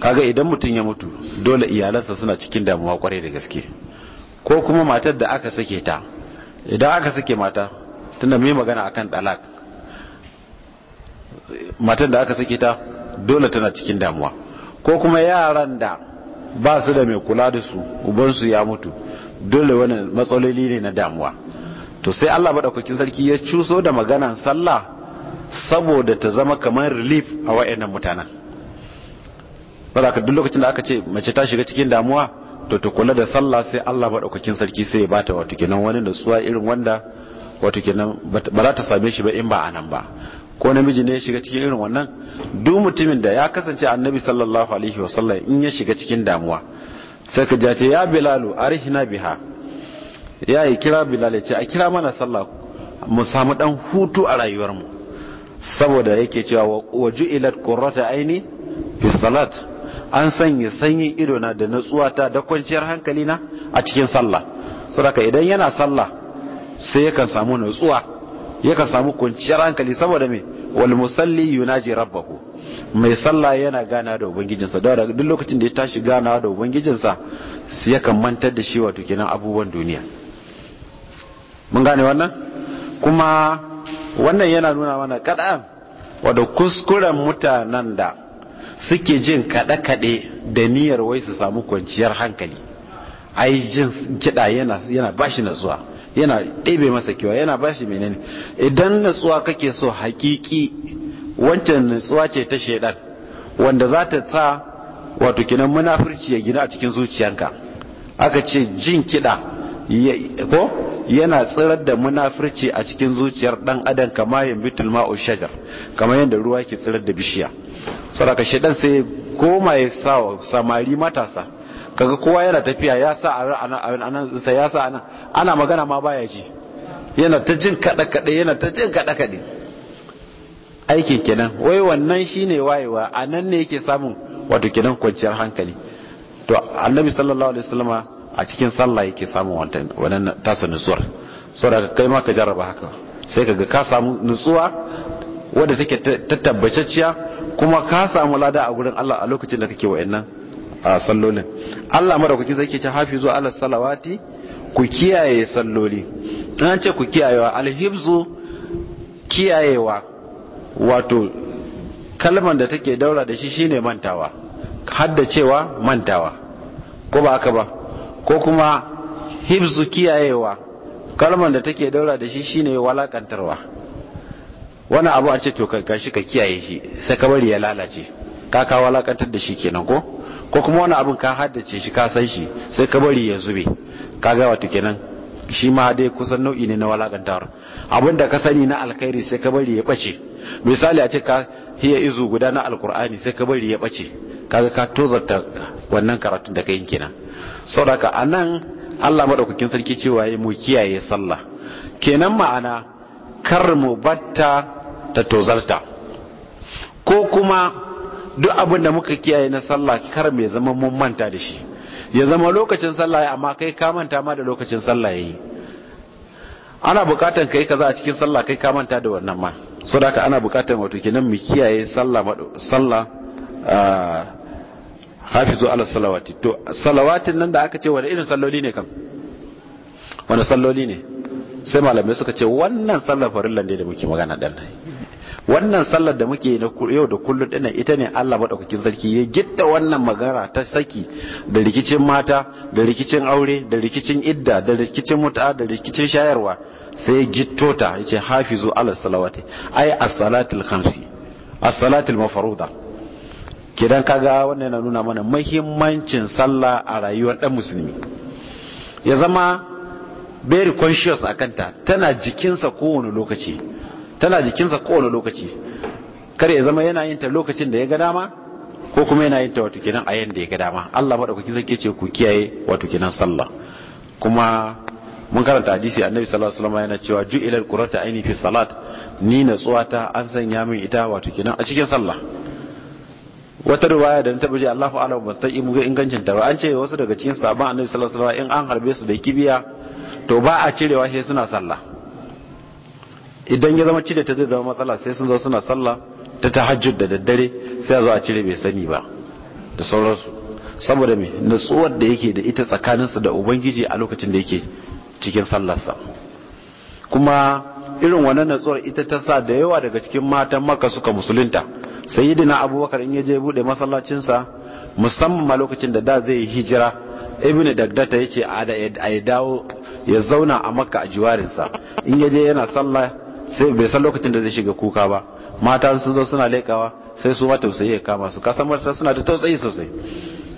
kaga idan mutum ya mutu dole iyalansa suna cikin damuwa kwarai da gaske ko kuma matar da aka sake ta idan aka sake mata tunda mai magana akan dalak matar da aka sake ta dole tana cikin damuwa ko kuma yaran da ba su da mai kula da su ubansu ya mutu dole wani matsaloli ne na damuwa to sai Allah madaukakin sarki ya cuso da maganan sallah saboda ta zama kamar relief a wayannan mutanen saboda duk lokacin da aka ce mace ta shiga cikin damuwa to ta kula da sallah sai Allah madaukakin sarki sai ya bata wato kenan wani nutsuwa irin wanda wato kenan ba za ta same shi ba in ba anan ba ko namiji ne ya shiga cikin irin wannan duk mutumin da ya kasance annabi sallallahu alaihi wasallam in ya shiga cikin damuwa sai ka jace ya bilalu na biha ya yi kira bilal ya ce a kira mana sallah mu samu dan hutu a rayuwar mu. saboda yake cewa waju ilat qurrata aini fi salat an sanya sanyin ido na da natsuwa ta da kwanciyar hankali na a cikin sallah saboda idan yana sallah sai yakan samu natsuwa yakan samu kwanciyar hankali saboda me wal musalli yunaji rabbahu mai sallah yana gana da ubangijinsa da duk lokacin da ya tashi gana da ubangijinsa su yakan mantar da shi wato kenan abubuwan duniya mun gane wannan kuma wannan yana nuna mana kaɗa. wadda kuskuren mutanen da suke jin kaɗe-kaɗe da niyyar wai su samu kwanciyar hankali ai jin kiɗa yana yana bashi natsuwa yana ɗebe masa kewa yana bashi menene idan natsuwa kake so hakiki wancan nutsuwa ce ta shaidan wanda za ta sa wato kinan munafurci ya gina a cikin zuciyanka aka ce jin kiɗa ko yana tsirar da munafurci a cikin zuciyar dan adam kama yin bitul ma'u shajar kama yadda ruwa ke tsirar da bishiya saraka shaidan sai koma ya sa samari matasa kaga kowa yana tafiya ya sa anan ya sa anan ana magana ma baya ji yana ta jin kada kada yana ta jin kada kada aiki kenan wai wannan shine wayewa a nan ne yake samun wato kenan kwanciyar hankali to annabi sallallahu alaihi wasallama a cikin sallah yake samun wannan tasa nutsuwar saboda kai ma ka jarraba haka sai kaga ka samu nutsuwa wadda take ta kuma ka samu lada a gurin Allah a lokacin da kake wayennan a sallolin Allah madaukakin zai ke ce hafizu ala salawati ku kiyaye salloli an ce ku kiyayewa alhibzu kiyayewa wato kalman da take daura da shi shine mantawa haddacewa mantawa ko ba haka ba ko kuma hibzu kiyayewa kalman da take daura da shi shine walakantarwa wani abu a ce to gashi ka kiyaye shi sai ka bari ya lalace ka ka walakantar da shi kenan ko ko kuma wani abun ka haddace shi ka san shi sai ka bari ya zube kaga wato kenan shi ma dai kusan nau'i ne na walakantar abinda ka sani na alkhairi sai ka bari ya bace misali a ce ka hiya izu guda na alkur'ani sai ka bari ya bace kaga ka tozarta wannan karatun da kai kenan saboda anan Allah madaukakin sarki cewa ya mu kiyaye sallah kenan ma'ana kar mu batta ta tozarta ko kuma duk abin da muka kiyaye na sallah kar mai zama mun manta da shi ya zama lokacin sallah amma kai ka manta ma da lokacin sallah yayi ana bukatan kai kaza a cikin sallah kai ka manta da wannan ma saboda ana bukatan wato kenan mu kiyaye sallah sallah hafizu ala salawati to salawatin nan da aka ce wani irin salloli ne kam wani salloli ne sai malamai suka ce wannan sallar farilla ne da muke magana dan nan wannan sallar da muke yau da kullum dinnan ita ne Allah madaukakin sarki ya gitta wannan magana ta saki da rikicin mata da rikicin aure da rikicin idda da rikicin mut'a da rikicin shayarwa sai ya gitto ta ya yace hafizu ala salawati ai as salatul khamsi as salatul mafruda kidan kaga wannan yana nuna mana muhimmancin sallah a rayuwar dan musulmi ya zama very conscious akanta tana jikinsa kowane lokaci tana jikinsa kowane lokaci kar ya zama yana yin ta lokacin da ya ga dama ko kuma yana yin ta wato kenan a yanda ya ga dama Allah madaukakin sarki ce ku kiyaye wato kenan sallah kuma mun karanta hadisi annabi sallallahu alaihi wasallam yana cewa ju'ila al-qurata aini fi salat ni natsuwa ta an sanya min ita wato kenan a cikin sallah wata riwaya da ta buje Allahu a'lam ban san imu ga ingancin ta ba an ce wasu daga cikin sahabban annabi sallallahu alaihi wasallam in an harbe su da kibiya to ba a cirewa sai suna sallah idan ya zama cire ta zai zama matsala sai sun zo suna sallah ta tahajjud da daddare sai a zo a cire bai sani ba da sauransu saboda mai nutsuwar da yake da ita tsakaninsa da ubangiji a lokacin da yake cikin sallarsa kuma irin wannan natsuwar ita ta sa da yawa daga cikin matan maka suka musulunta sayyidina abubakar in ya je bude masallacinsa musamman ma lokacin da da zai yi hijira ibn dagdata ya ce a dawo ya zauna a makka a jiwarinsa in ya je yana sallah sai bai san lokacin da zai shiga kuka ba mata sun zo suna lekawa sai su ma tausayi ya kama su kasan mata suna da tausayi sosai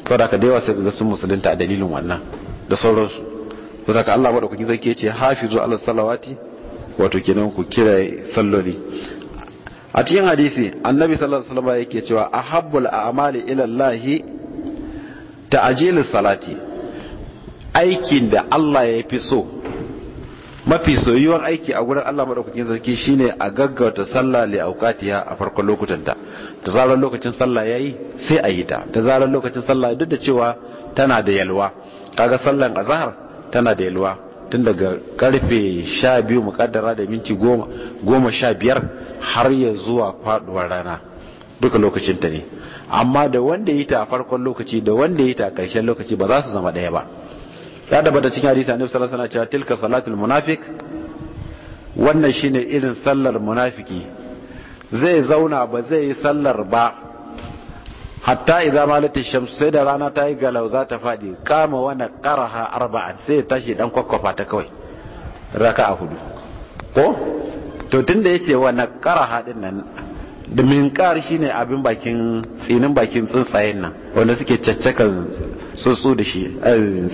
saboda ka dewa sai ga sun musulunta a dalilin wannan da sauransu saboda ka Allah bada sarki ya ce hafizu ala salawati wato kenan ku kira salloli a cikin hadisi annabi sallallahu alaihi wasallam yake cewa ahabbul a'mali ila Allah ta'jilus salati aikin da Allah ya fi so mafi soyuwan aiki a gurin Allah madaukakin sarki shine a gaggauta sallah li auqatiha a farkon lokutanta da zarar lokacin sallah yayi sai a yi ta da zarar lokacin sallah duk da cewa tana da yalwa kaga sallan azhar tana da yalwa tun daga karfe 12 mukaddara da minti 10 15 har ya zuwa faduwar rana duka lokacin ta ne amma da wanda yi ta a farkon lokaci da wanda yi ta a karshen lokaci ba za su zama ɗaya ba ya tabbata cikin hadisi annabi sallallahu alaihi wasallam cewa tilka salatul munafiq wannan shine irin sallar munafiki zai zauna ba zai yi sallar ba hatta idza malati shams sai da rana ta yi galau za ta fadi kama wana qaraha arba'an sai ya tashi dan kwakwafa ta kawai raka'a hudu ko to tunda yace wana qaraha din nan da minkar shine abin bakin tsinin bakin tsuntsayen nan wanda suke caccakan tsuntsu da shi eh,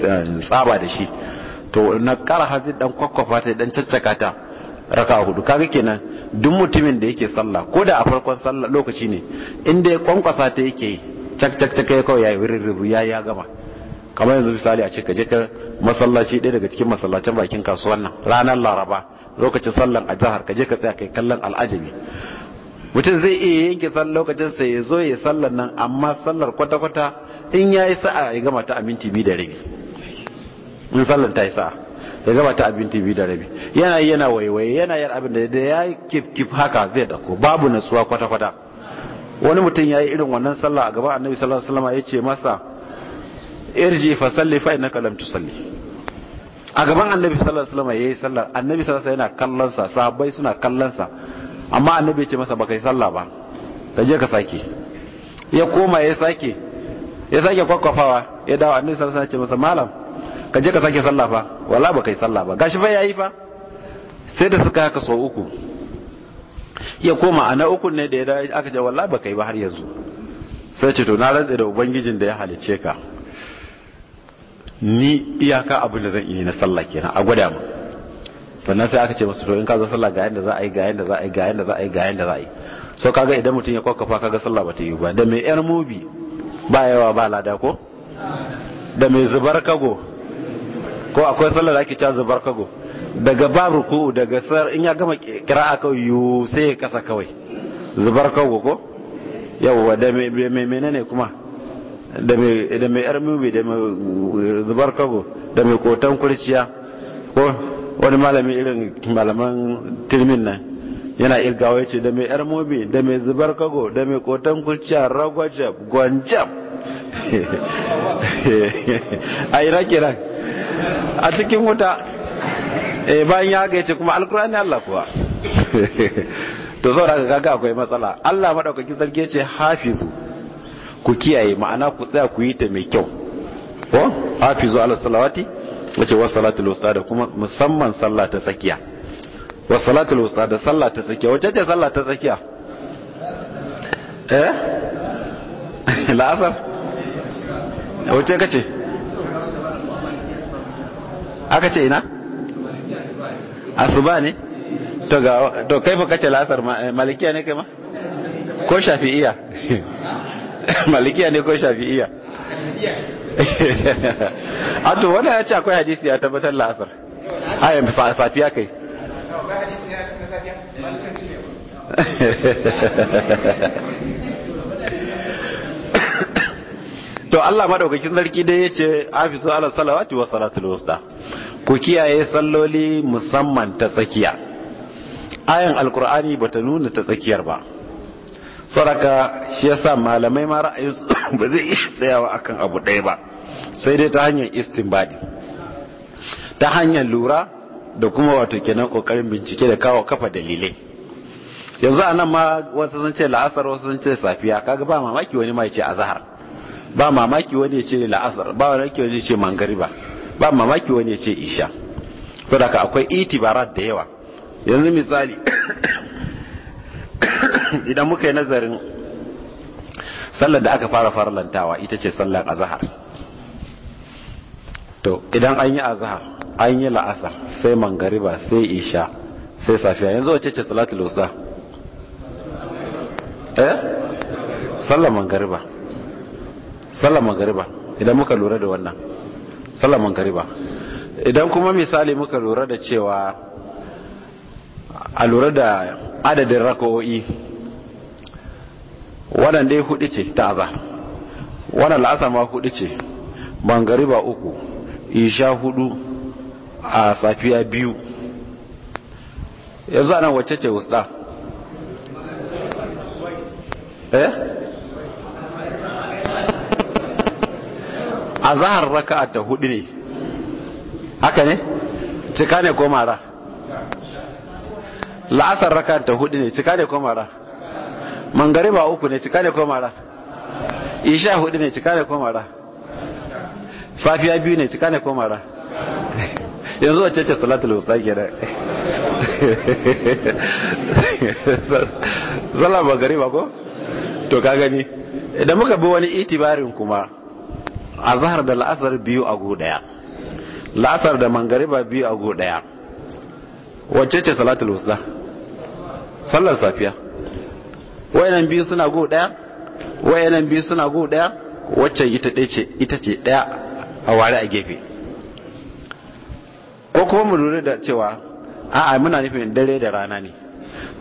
tsaba da shi to na kara hazi dan kwakwafa ta dan caccaka ta raka hudu kaga kenan duk mutumin da yake sallah ko da a farkon sallah lokaci ne inda ya kwankwasa ta yake cak cak cak ya kawai yayi rirriru ya ya gama kamar yanzu misali a ce ka je ka masallaci ɗaya daga cikin masallacin bakin kasuwan nan ranar laraba lokacin sallan a jihar ka je ka tsaya kai kallon al'ajabi mutum zai iya yanke sallar lokacin sai ya zo ya sallar nan amma sallar kwata-kwata in ya yi sa'a ya gama ta a biyu da rabi in sallar ta yi sa'a ya gama ta a biyu da rabi yana yi yana waiwaye yana yin abin da ya yi kif haka zai dako babu nasuwa kwata-kwata wani mutum ya yi irin wannan sallar a gaba annabi sallallahu alaihi wasallam ya ce masa irji fa salli fa innaka lam tusalli a gaban annabi sallallahu alaihi wasallam yayi sallar annabi sallallahu alaihi wasallam yana kallon sa sahabbai suna kallon sa amma annabi ce masa baka yi sallah ba ka je ka sake ya koma ya sake ya sake kwakwafawa ya dawo annabi sallallahu alaihi wasallam ce masa malam ka je ka sake sallah fa wala baka yi sallah ba gashi fa yayi fa sai da suka haka so uku ya koma ana uku ne da ya dawo aka ce wala baka yi ba har yanzu sai ce to na rantsa da ubangijin da ya halice ka ni iyaka abin da zan yi na sallah kenan a gwada mu sannan sai aka ce masu to in ka zo sallah ga yadda za a yi ga yadda za a yi ga yadda za a yi ga yadda za a yi so kaga idan mutum ya kwakwafa kaga sallah ba ta yi ba da mai yar mubi ba yawa ba lada ko da mai zubar kago ko akwai sallar da ake ta zubar kago daga ba ruku daga sar in ya gama kira kawai yi sai ya kasa kawai zubar kago ko yawwa da mai menene kuma da mai yar mubi da mai zubar kago da mai kotan kurciya ko wani malami irin malaman tirmin nan yana ilgawa ce da mai yar mobi da mai zubar kago da mai kotan kulciya ragwajab gwanjab a yi rakiran a cikin wuta eh, bayan ya gaice kuma alkurani allah kuwa to ga gaga akwai matsala allah maɗaukakin sarki ce hafizu ku kiyaye ma'ana ku tsaya ku yi ta mai kyau ko hafizu ala salawati wace wasalatul wusta da kuma musamman sallah ta tsakiya wasalatul wusta da sallah ta tsakiya wace ce sallah ta tsakiya eh la'asar wace kace aka ce ina asuba ne to ga to kai fa kace la'asar eh, malikiya ne kai ma ko shafi'iya malikiya ne ko shafi'iya Adu wannan ya ce akwai hadisi ya tabbatar la'asar a yi safiya kai to Allah madaukakin sarki dai yace afisu ala salawati wa salatul wusta ku kiyaye salloli musamman ta tsakiya ayan ba ta nuna ta tsakiyar ba saraka shi yasa malamai ma ra'ayi ba zai tsayawa akan abu ɗaya ba sai dai ta hanyar istinbadi ta hanyar lura da kuma wato kenan kokarin bincike da kawo kafa dalilai yanzu a nan ma wasu sun ce la'asar wasu sun ce safiya kaga ba mamaki wani ma ya ce azahar ba mamaki wani ya ce la'asar ba mamaki wani ya ce mangariba ba mamaki wani ya ce isha saboda akwai itibarat da yawa yanzu misali idan muka yi nazarin sallar da aka fara farlantawa ita ce sallar azahar to idan an yi azhar an yi la'asar sai mangariba sai isha sai safiya yanzu wace ce salatul usta eh sallar mangariba sallar mangariba idan muka lura da wannan sallar mangariba idan kuma misali muka lura da cewa a lura da adadin rako'o'i waɗanda ya hudu ce ta azhar wannan la'asar ma hudu ce mangariba uku isha hudu a safiya biyu yanzu ana wacce ce wusta eh a zahar raka ta hudu ne haka ne cika ne ko mara la'asar raka ta hudu ne cika ne ko mara ba uku ne cika ne ko mara isha hudu ne cika ne ko mara safiya biyu ne cika ne ko mara yanzu a ce salatul wusta ba sallah ba ko to ka gani idan muka bi wani itibarin kuma a zahar da la'asar biyu a gu daya la'asar da mangariba biyu a gu daya wacce ce salatul wusta sallar safiya wayanan biyu suna gu daya wayanan biyu suna gu daya wacce ita ce daya a ware a gefe ko kuma mu lura da cewa a'a muna nufin dare da rana ne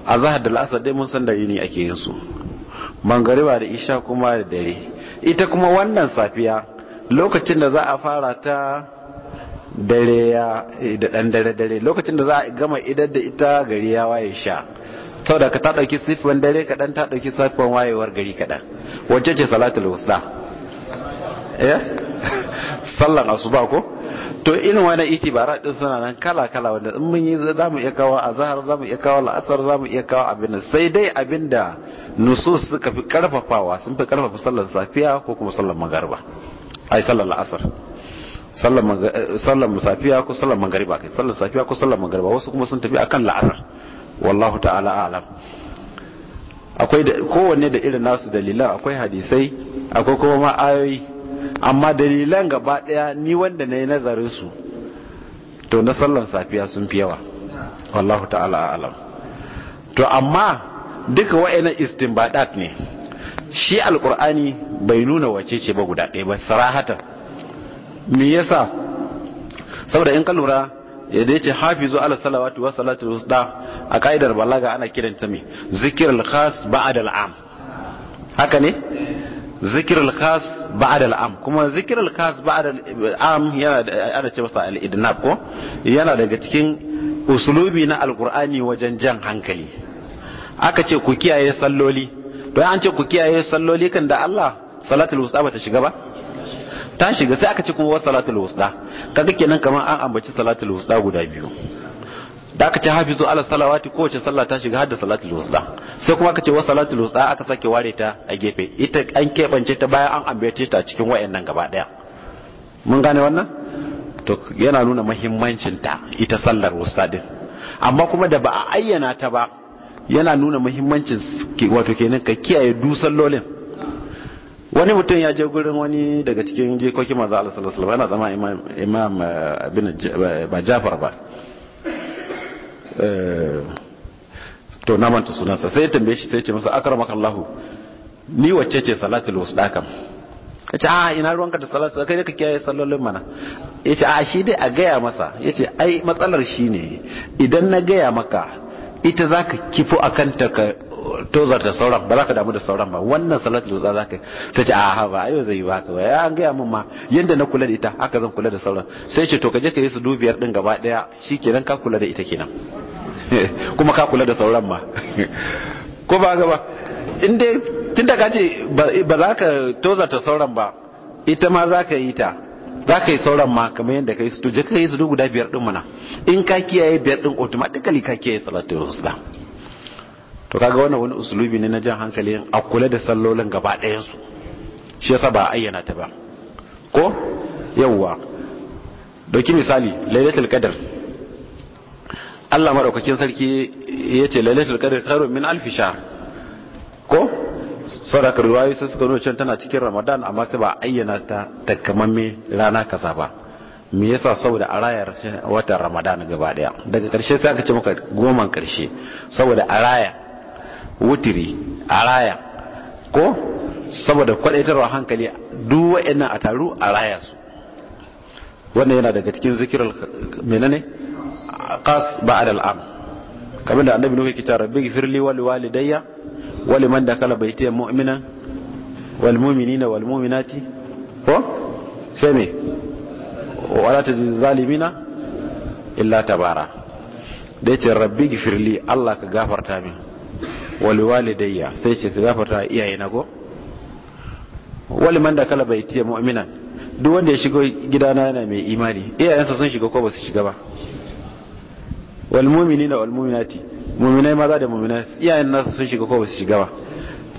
a zahar da la'asar dai mun san da yini ake yin su mangariba da isha kuma da dare ita kuma wannan safiya lokacin da za a fara ta dare ya da dan dare dare lokacin da za a gama idar da ita gari ya waye sha saboda ka ta dauki sifan dare dan ta dauki sifan wayewar gari kadan wacce ce salatul wusla eh sallan asuba ko to irin wani itibara din suna nan kala kala wanda in mun yi za mu iya kawo azhar za mu iya kawo al'asar za mu iya kawo abin sai dai abin da nusus suka fi karfafawa sun fi karfafa sallan safiya ko kuma sallan magariba ai sallan al'asar sallan eh, safiya ko sallan magariba kai sallan safiya ko sallan magariba wasu kuma sun tafi akan la'asar wallahu ta'ala a'lam akwai kowanne da irin nasu dalila akwai hadisai akwai kuma ma ayoyi amma dalilan gaba daya ni wanda na yi nazarin su to na sallan safiya sun fi yawa wallahu ta'ala alam to amma duka wa'ina istinbadat ne shi alkur'ani bai nuna wace ce ba guda ɗaya ba sarahata me yasa saboda in ka lura ya dai ce hafizu ala salawati wa wasu wusta a ka'idar balaga ana kiranta me zikiral al khas ba'd al haka ne zikir al-khas ba'd al-am kuma zikir al-khas ba'd al-am yana ana ce masa al-idnab ko yana daga cikin usulubi na al-qur'ani wajen jan hankali aka ce ku kiyaye salloli to an ce ku kiyaye salloli kan da Allah salatul wusta bata shiga ba ta shiga sai aka ce kuma salatul wusta kaga kenan kamar an ambaci salatul wusta guda biyu da aka ce hafizu ala salawati kowace sallah ta shiga hadda salatul wusta sai kuma aka ce wa salatul wusta aka sake ware ta a gefe ita an kebance ta bayan an ambace ta cikin wayannan gaba daya mun gane wannan to yana nuna muhimmancin ta ita sallar wusta din amma kuma da ba a ayyana ta ba yana nuna muhimmancin wato kenan ka kiyaye lolin wani mutum ya je gurin wani daga cikin jikokin manzo Allah sallallahu alaihi wasallam yana zama imam ibn eh, ba Jafar ba Eh, to na manta sunansa sai ya tambaye shi sai ce masa akramaka Allahu ni wacce ce salatul wusta kam yace a ah, ina ruwanka da salatu kai ka kiyaye sallolin mana yace a ah, shi dai a gaya masa yace ai matsalar shine idan na gaya maka ita zaka kifo akan ta ka tozarta sauran ba za ka damu da sauran ba wannan salatul wusa za ka sai ce a ba ayo zai yi ba ka ba ya an gaya min ma yanda na kula da ita haka zan kula da sauran sai ce to ka je ka yi su dubiyar din gaba daya shikenan ka kula da ita kenan kuma ka kula da sauran ma ko ba gaba in dai tunda ka ce ba za ka tozarta sauran ba ita ma za ka yi ta za ka yi sauran ma kamar yadda ka yi su je ka yi su guda biyar din mana in ka kiyaye biyar din automatically ka kiyaye salatul husna to kaga wannan wani usulubi ne na jan hankali a kula da sallolin gaba ɗayan su shi yasa ba ayyana ta ba ko yawwa dauki misali lailatul qadr Allah madaukakin sarki yace lailatul qadr khairun min alf shahr ko sadakar ruwayi sai suka nuna tana cikin ramadan amma sai ba ayyana ta takamamme rana kaza ba me yasa saboda a rayar watan ramadan gaba daya daga karshe sai aka ce maka goman karshe saboda a rayar wutiri a raya ko saboda kwadaitarwa hankali duk wa'annan a taru a raya su wannan yana daga cikin zikirar menene ba a dal'am kamar da annabi nuka kitar rabbi gfirli wa liwalidayya wa liman dakala baytiya mu'mina wal mu'minina wal mu'minati ko sai me wala tajiz zalimina illa tabara da ya ce rabbi firli Allah ka gafarta min wali walidayya sai ce ka gafarta iyaye na go wali man da kala bai tiya mu'minan duk wanda ya shigo gidana yana mai imani iyayensa sun shiga ko ba su shiga ba wal mu'minina wal mu'minati mu'minai maza da mu'minai iyayen nasu sun shiga ko ba su shiga ba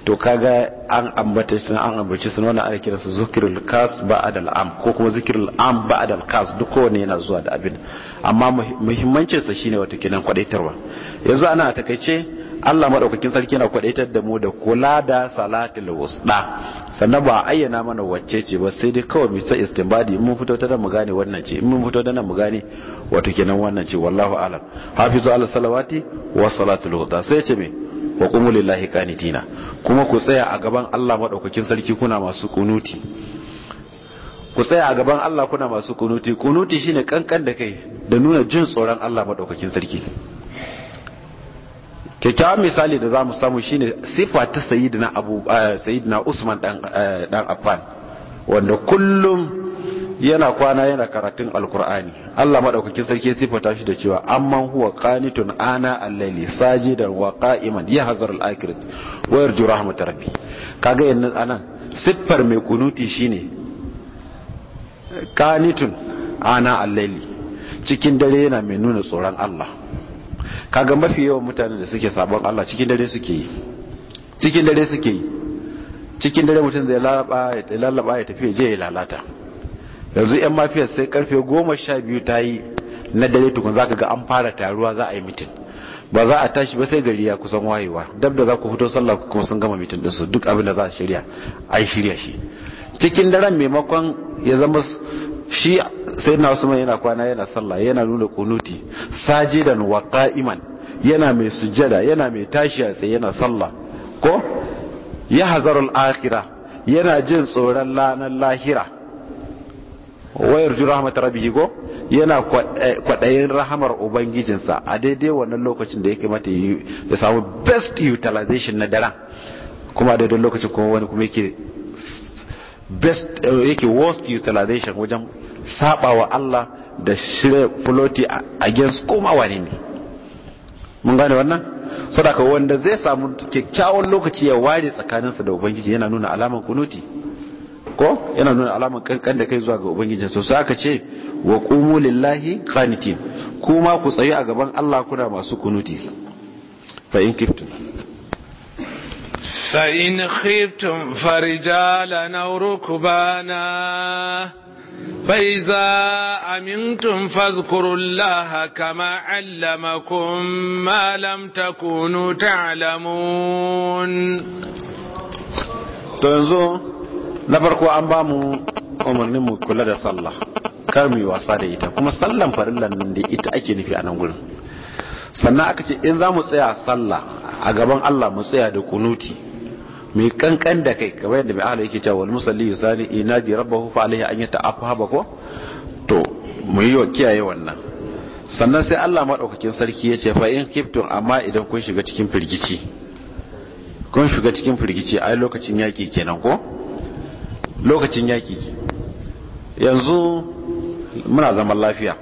to kaga an ambata sun an ambaci sun wannan ana kiransu zikrul kas adal am ko kuma zikrul am ba adal kas duk kowanne yana zuwa da abin amma muhimmancin sa shine wato kenan kwadaitarwa yanzu ana takaice Allah madaukakin sarki yana kwadaitar da mu da kula da salatul wusta sannan ba ayyana mana wacce ce ba sai dai kawai mu sai istinbadi mun fito ta mu gane wannan ce mun fito da nan mu gane wato kenan wannan ce wallahu alam hafizu ala salawati wa salatul wusta sai ce me wa qumu lillahi kuma ku tsaya a gaban Allah madaukakin sarki kuna masu kunuti ku tsaya a gaban Allah kuna masu kunuti kunuti shine kankan da kai da nuna jin tsoron Allah madaukakin sarki kyakkyawan misali da zamu samu shine sifa ta sayyidina abu eh, sayyidina usman dan dan eh, affan wanda kullum yana kwana yana karatun alkur'ani Allah madaukakin sarki ya sifata shi da cewa amman huwa qanitun ana al da sajidan wa qa'iman hazar al-akhirat wa yarju rahmat rabbi kaga yannan anan siffar mai kunuti shine qanitun ana allali. cikin dare yana mai nuna tsoron Allah kaga mafi yawan mutanen da suke sabon Allah cikin dare suke yi cikin dare suke yi cikin dare mutum zai lalaba ya tafi je ya lalata yanzu yan mafiyar sai karfe goma sha biyu ta yi na dare tukun za ka ga an fara taruwa za a yi mitin ba za a tashi ba sai gari ya kusan wayewa dab da za ku fito sallah kuma sun gama mitin ɗinsu duk abin da za a shirya an shirya shi cikin daren maimakon ya zama shi sai na wasu yana kwana yana sallah yana nuna kunuti sajidan wa qa'iman yana mai sujjada yana mai tashi a tsaye yana sallah ko ya hazarul akhirah yana jin tsoron lanar lahira wayar ju rahmat rabbihi go yana eh, kwaɗayin rahamar ubangijinsa a daidai wannan lokacin da yake mata ya samu best utilization na daren kuma a daidai lokacin kuma wani kuma yake best eh, yake worst utilization wajen saba Allah da shirya floti against koma wani ne mun gane wannan sadaka wanda zai samu kyakkyawan lokaci ya ware tsakaninsa da ubangiji yana nuna alaman kunuti ko yana nuna alamar kankan da kai zuwa ga ubangiji to sai aka ce wa qumu lillahi qanitin kuma ku tsayi a gaban Allah kuna masu kunuti fa in kiftum fa in khiftum farijalan aw rukbana فإذا أمنتم فاذكروا الله كما علمكم ما لم تكونوا تعلمون تنزو na farko an ba mu umarnin mu kula da sallah kar mu yi wasa da ita kuma sallan farillan nan da ita ake nufi a nan gurin sannan aka ce in za mu tsaya sallah a gaban Allah mu tsaya da kunuti mai kankan da kai kamar yadda mai ahalar yake cewa wal musalli yusali ina ji rabbahu fa alaihi an yata'afa ba ko to mu yi wa kiyaye wannan sannan sai Allah madaukakin sarki ya ce fa in kiftun amma idan kun shiga cikin firgici kun shiga cikin firgici ai lokacin yaki kenan ko lokacin yaƙi yanzu muna zaman lafiya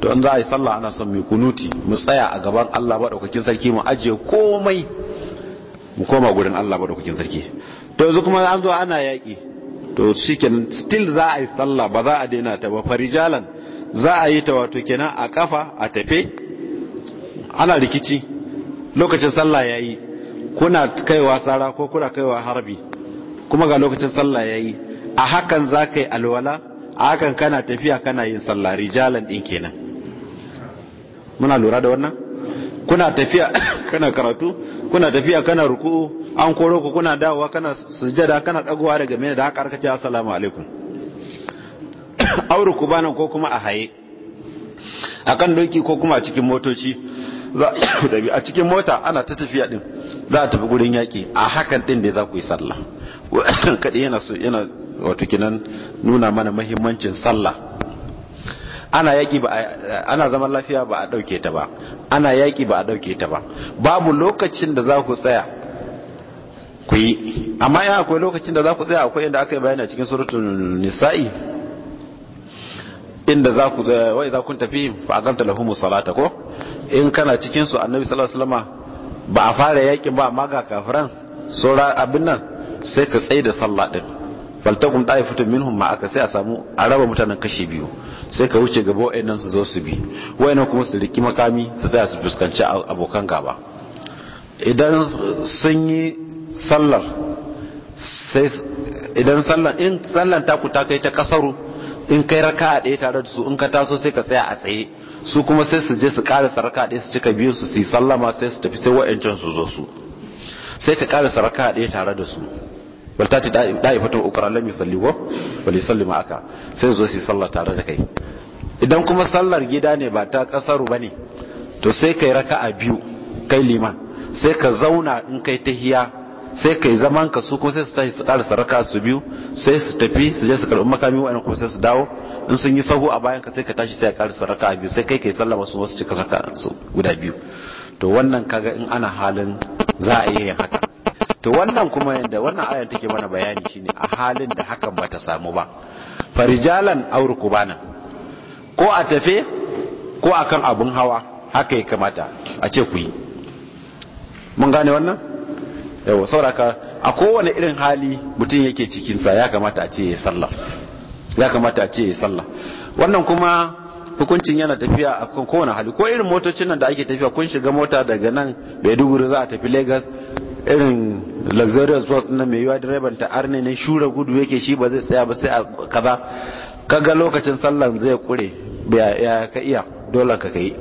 to in za a yi sallah ana son mai kunuti mu tsaya a gaban Allah maɗaukakin sarki mu ajiye komai mu koma gudun Allah maɗaukakin sarki to yanzu kuma an zo ana yaƙi to shikenan still za a yi sallah ba za a daina ta ba farijalan za a yi ta wato kenan a kafa a tafe ana rikici lokacin sallah yayi kuna kaiwa sara ko kuna kaiwa harbi kuma ga lokacin sallah yi. a hakan za ka yi alwala a hakan kana tafiya kana yin sallah rijalan ɗin kenan muna lura da wannan kuna tafiya kana karatu kuna tafiya kana ruku an koro ku kuna dawowa kana sujada kana tsagowa daga mai da haka arkace ce assalamu alaikum auruku ku bana ko kuma a haye a kan doki ko kuma a cikin motoci za a cikin mota ana ta tafiya din za a tafi gurin yaki a hakan din da za ku yi sallah kaɗai yana so yana wato kinan nuna mana mahimmancin sallah ana yaƙi ba ana zaman lafiya ba a dauke ta ba ana yaki ba a dauke ta ba babu lokacin da za ku tsaya ku yi amma yana akwai lokacin da za ku tsaya akwai inda aka yi bayani cikin suratul nisa'i inda za ku eh, wai za kun tafi fa aqamta lahumu salata ko in kana cikin su annabi sallallahu alaihi wasallama ba a fara yaƙin ba amma ga kafiran sura abin nan sai ka tsaye da sallah din faltakum da'ifatu minhum ma aka sai a samu a raba mutanen kashi biyu sai ka wuce gaba wayannan su zo su bi wayannan kuma su riki makami su tsaya su fuskanci abokan gaba idan sun yi sallar sai idan sallar in sallar taku ta kai ta kasaru in kai raka a ɗaya tare da su in ka taso sai ka tsaya a tsaye su kuma sai su je su karasa raka ɗaya su cika biyu su yi sallama sai su tafi sai wa'ancan su zo su sai ka karasa raka a ɗaya tare da su wal tati fatan ukra lam yusalli wa wal yusalli ma'aka sai zo su sallah tare da kai idan kuma sallar gida ne ba ta kasaru bane to sai kai raka'a biyu kai liman sai ka zauna in kai tahiya sai kai zaman ka su kuma sai su tashi su karasa raka su biyu sai su tafi su je su karɓi makami wa'annan kuma sai su dawo in sun yi sahu a bayan ka sai ka tashi sai ka karasa raka biyu sai kai kai sallama su wasu cika raka guda biyu to wannan kaga in ana halin za a yi haka to wannan kuma yadda wannan ayar take mana bayani shine a halin da hakan bata samu ba farijalan ku bana ko a tafe ko akan abun hawa haka ya kamata a ce ku yi mun gane wannan yawa sauraka a kowane irin hali mutum yake cikinsa ya kamata a ce ya sallah ya kamata a ce ya sallah wannan kuma hukuncin yana tafiya a kowane hali ko irin motocin nan da ake tafiya kun shiga mota daga nan Maiduguri za a tafi Lagos irin luxurious bus na mai yiwa direban ta arne ne shura gudu yake shi ba zai tsaya ba sai a kaza kaga lokacin sallan zai kure ya ka iya dole ka kai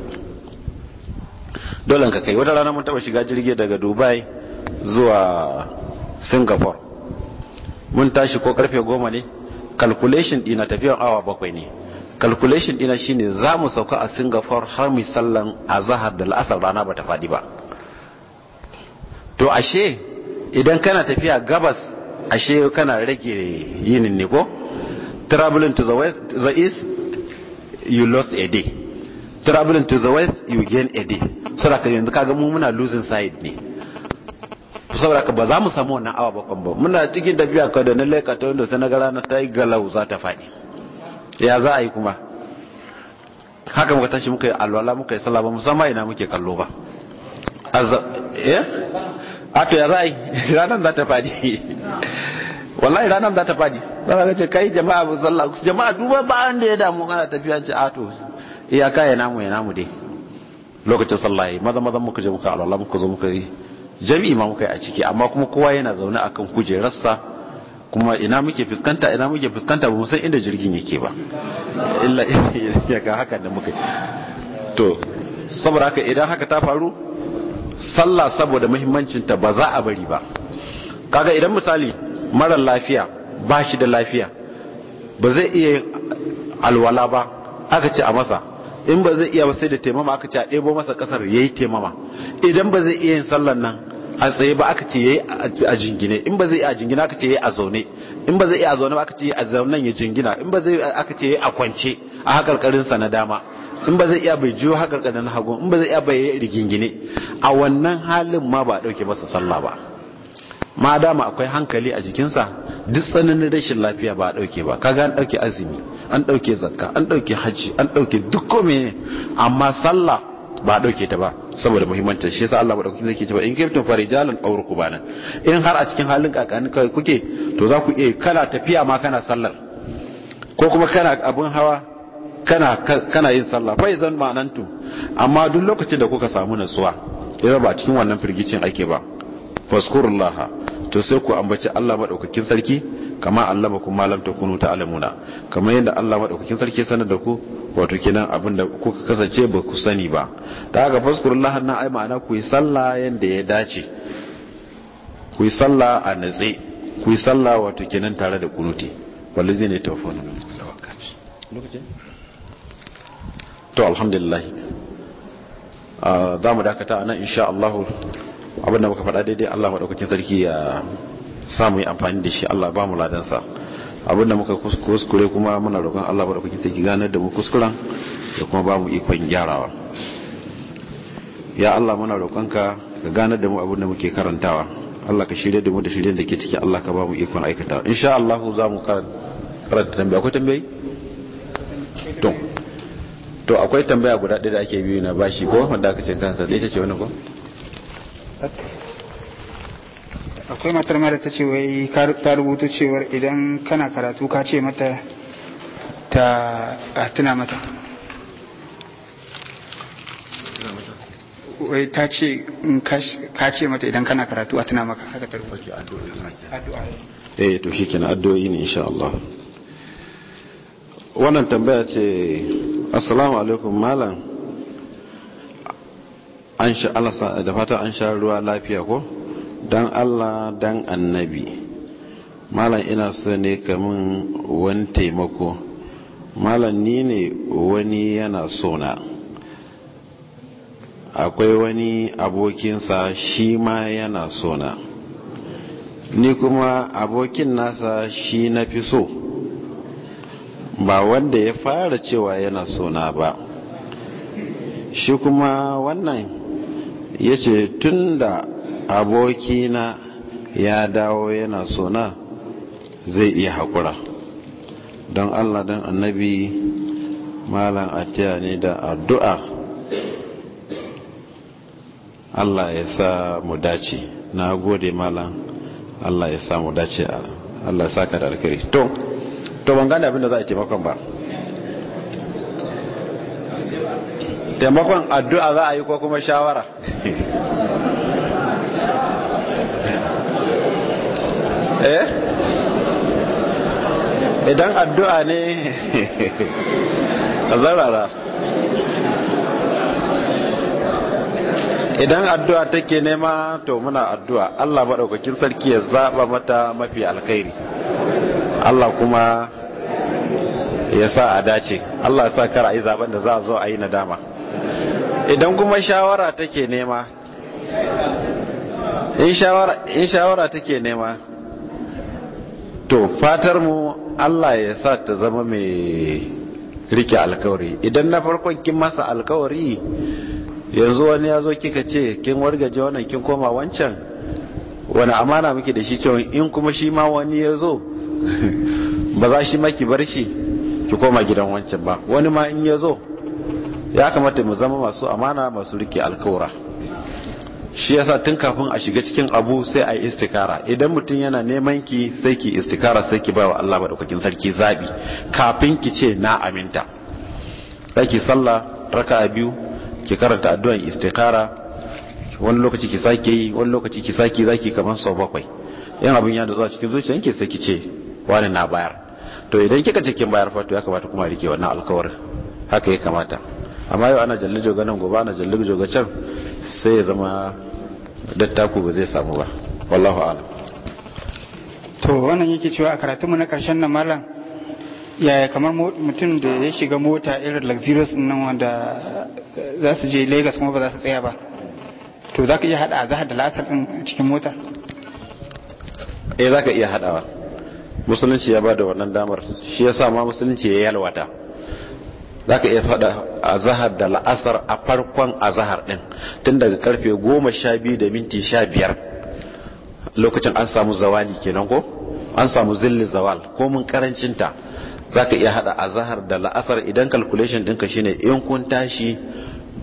dole ka kai wata rana mun taba shiga jirgi daga dubai zuwa singapore mun tashi ko karfe goma ne calculation dina tafiyan awa bakwai ne calculation dina shine za mu sauka a singapore har mu sallan azahar da la'asar rana ba ta fadi ba to ashe idan kana tafiya gabas ashe kana rage yin ne ko traveling to the west to the east you lost a day traveling to the west you gain a day saboda ka yanzu kaga mu muna losing side ne saboda ka ba za mu samu wannan awa bakwai ba muna cikin tafiya ka da na laika ta wanda sai na gara na ta yi galau za ta faɗi ya za a yi kuma haka muka tashi muka yi alwala muka yi salama ba musamman ina muke kallo ba a eh? to ya za yi ranar za ta fadi wallahi ranar za ta fadi za ka ce kai jama'a bu zalla jama'a duba ba an da ya damu ana tafiya ce a to iyaka ya namu ya namu dai lokacin sallah maza maza muka je muka alwala muka zo muka yi jami'i ma muka yi a ciki amma kuma kowa yana zaune akan kujerarsa kuma ina muke fuskanta ina muke fuskanta ba san inda jirgin yake ba illa ya ga haka da muka to saboda haka idan haka ta faru sallah saboda muhimmancinta ba za a bari ba kaga idan misali mara lafiya ba shi da lafiya ba zai iya alwala ba aka ce a masa in ba zai iya ba sai da taimama aka ce a ɗebo masa ƙasar ya yi taimama idan ba zai iya yin sallan nan a tsaye ba aka ce ya yi a jingine in ba zai iya a jingina aka ce ya yi a zaune in ba zai iya a zaune ba aka ce ya yi a zaunan ya jingina in ba zai aka ce ya yi a kwance a haƙarƙarinsa na dama in ba zai iya bai juyo haka kadan hagu in ba zai iya bai rigingine a wannan halin ma ba ɗauke masa sallah ba ma dama akwai hankali a jikinsa duk tsananin rashin lafiya ba a ba ba ga an ɗauke azumi an ɗauke zakka an ɗauke hajji an ɗauke duk ne amma sallah ba ɗauke ta ba saboda muhimmancin shi yasa Allah ɗauke zai ke ba in kuntum farijalan aw bana in har a cikin halin kakanin kawai kuke to za ku iya kana tafiya ma kana sallar ko kuma kana abin hawa kana yin sallah fa idan ma'anantu amma duk lokacin da kuka samu nasuwa idan ba cikin wannan firgicin ake ba fazkurullah to sai ku ambaci Allah madaukakin sarki kama allamakum ma lam takunu ta'lamuna kama yadda Allah madaukakin sarki sanar da ku wato kenan abinda kuka kasance ba ku sani ba da ga fazkurullah na ai ma'ana ku yi sallah yanda ya dace ku yi sallah a natsi ku yi sallah wato kenan tare da kunuti wallazi ne tawfanu lokacin to alhamdulillah ah, za mu dakata a nan insha Allah abinda muka faɗa daidai Allah maɗaukakin sarki ya samu yi amfani da shi Allah ba mu ladansa abinda muka kuskure kuma muna roƙon Allah maɗaukakin sarki ganar da mu kuskuren da kuma ba mu ikon gyarawa ya Allah muna roƙonka ka ganar da mu abinda muke karantawa Allah ka shirya da mu da shiryen da ke ciki Allah ka ba mu ikon aikata insha Allah za mu karanta tambaya akwai tambayi to akwai tambaya guda ɗaya da ake biyu na bashi ko wanda aka ce kanta ita ce wani ko akwai matar mara ta ce wai ta rubuta cewar idan kana karatu ka ce mata ta tuna mata wai ta ce ka ce mata idan kana karatu a tuna maka haka ta rubuta addu'a eh to shikenan addu'o'i ne insha Allah wannan tambaya ce assalamu alaikum malam da fata an sha ruwa lafiya ko don allah don annabi malam ina so ne kamun wani taimako malam ni ne wani yana sona akwai wani abokinsa shi ma yana na. ni kuma abokin nasa shi na fi so ba wanda ya fara cewa yana sona ba shi kuma wannan ya ce tun da abokina ya dawo yana sona zai iya haƙura don allah don annabi malam atiya ne da addu'a allah ya sa mu dace na gode malam allah ya sa mu dace allah ya sa ka da alkari to to ban gane abinda za a taimakon ba taimakon addu'a za a yi ko kuma shawara eh idan addu'a ne a zarara idan addu'a take nema to muna addu'a Allah maɗaukakin sarki ya zaɓa mata mafi alkhairi Allah kuma ya sa a dace Allah sa kar a yi zaben da za a zo a yi nadama idan kuma shawara take nema in shawara take nema to fatar mu Allah ya sa ta zama mai rike alkawari idan na farkon kin masa alkawari yanzu wani ya zo kika ce kin wargaje wannan kin koma wancan wani amana muke da shi cewa in kuma shi ma wani ya zo ba za shi maki bar shi ki koma gidan wancan ba wani ma in ya zo ya kamata mu zama masu amana masu rike alkawura shi yasa tun kafin a shiga cikin abu sai a yi istikara idan mutum yana neman ki sai ki istikara sai ki bawa Allah madaukakin sarki zabi kafin ki ce na aminta ki sallah raka'a biyu ki karanta addu'an istikara wani lokaci ki sake yi wani lokaci ki sake zaki kamar sau bakwai yan abin ya da zuwa cikin zuciyanki sai ki ce wani na bayar to idan kika cikin bayar fa to ya kamata kuma rike wannan alkawarin haka ya kamata amma yau ana jalli joga nan gobe ana jalli joga can sai ya zama dattako ba zai samu ba wallahu a'lam to wannan yake cewa a karatunmu na karshen nan malam yaya kamar mutum da ya shiga mota irin luxurious nan wanda eh, za su je lagos kuma ba za su tsaya ba to za ka iya hada zahar da lasar din cikin mota eh za ka iya hadawa musulunci ya ba da wannan damar shi ya sa ma musulunci ya yalwata za ka iya fada zahar da la'asar a farkon a zahar din tun daga karfe goma sha biyu da minti sha biyar lokacin an samu zawali kenan ko an samu zilli zawal ko mun karancinta za ka iya hada zahar da la'asar idan calculation ɗinka shine in kun tashi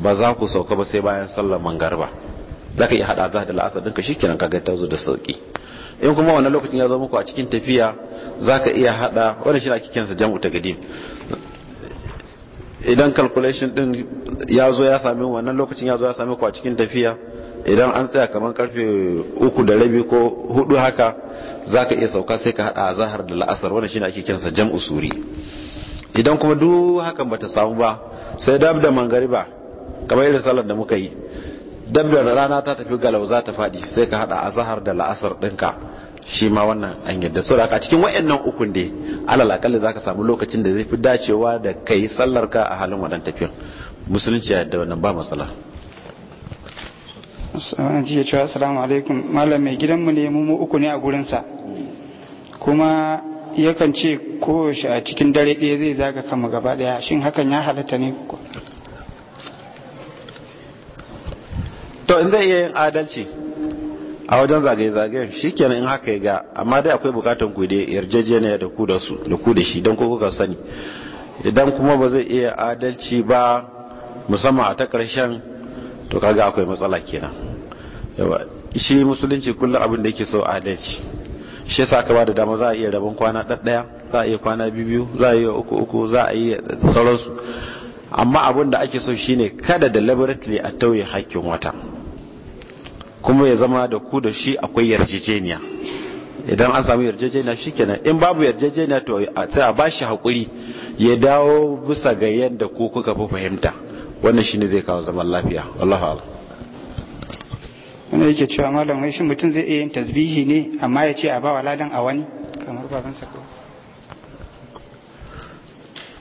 ba za ku sauka ba sai bayan sallar ba za ka iya hada zahar da la'asar ɗinka shi kenan ka ga ta zo da sauki in kuma wannan lokacin ya zo muku a cikin tafiya za ka iya hada shi shine ake kiransa jam'u ta gadi idan calculation din ya zo ya sami wannan lokacin ya zo ya sami ku a cikin tafiya idan an tsaya kamar karfe uku da rabi ko hudu haka za ka iya sauka sai ka hada zahar da la'asar shi shine ake kiransa jam'u suri idan kuma duk hakan bata samu ba sai dab da mangariba kamar irin sallar da muka yi dab da rana ta tafi galau za ta faɗi sai ka haɗa azahar da la'asar ɗinka shi ma wannan an yadda so a cikin wayannan ukun dai alal akalli za ka samu lokacin da zai fi dacewa da kai sallar ka a halin waɗannan tafiyar musulunci yadda wannan ba matsala sauran ji cewa assalamu alaikum malam mai gidan mu ne mu uku ne a gurinsa kuma yakan ce kowace a cikin dare ɗaya zai zaga kama gaba ɗaya shin hakan ya halatta ne to in zai iya yin adalci a wajen zagaye-zagayen shi kenan in haka ya ga amma dai akwai bukatan ku dai yarjejeniya da ku da su da ku da shi don ku kuka sani idan kuma ba zai iya adalci ba musamman a ta karshen to kaga akwai matsala kenan yawa shi musulunci kullum abin da yake so adalci shi yasa ka ba da dama za a iya rabon kwana ɗaɗɗaya za a iya kwana biyu za a iya uku uku za a iya sauransu amma abin da ake so shine kada da laboratory a tauye hakkin wata kuma ya zama da ku da shi akwai yarjejeniya idan an samu yarjejeniya shikenan in babu yarjejeniya to a ba shi haƙuri ya dawo bisa ga yadda ku kuka fi fahimta wannan shine zai kawo zaman lafiya wallahu a'lam wanda yake cewa malam wai shin mutum zai iya yin tasbihi ne amma ya ce a ba waladan a wani kamar baban sa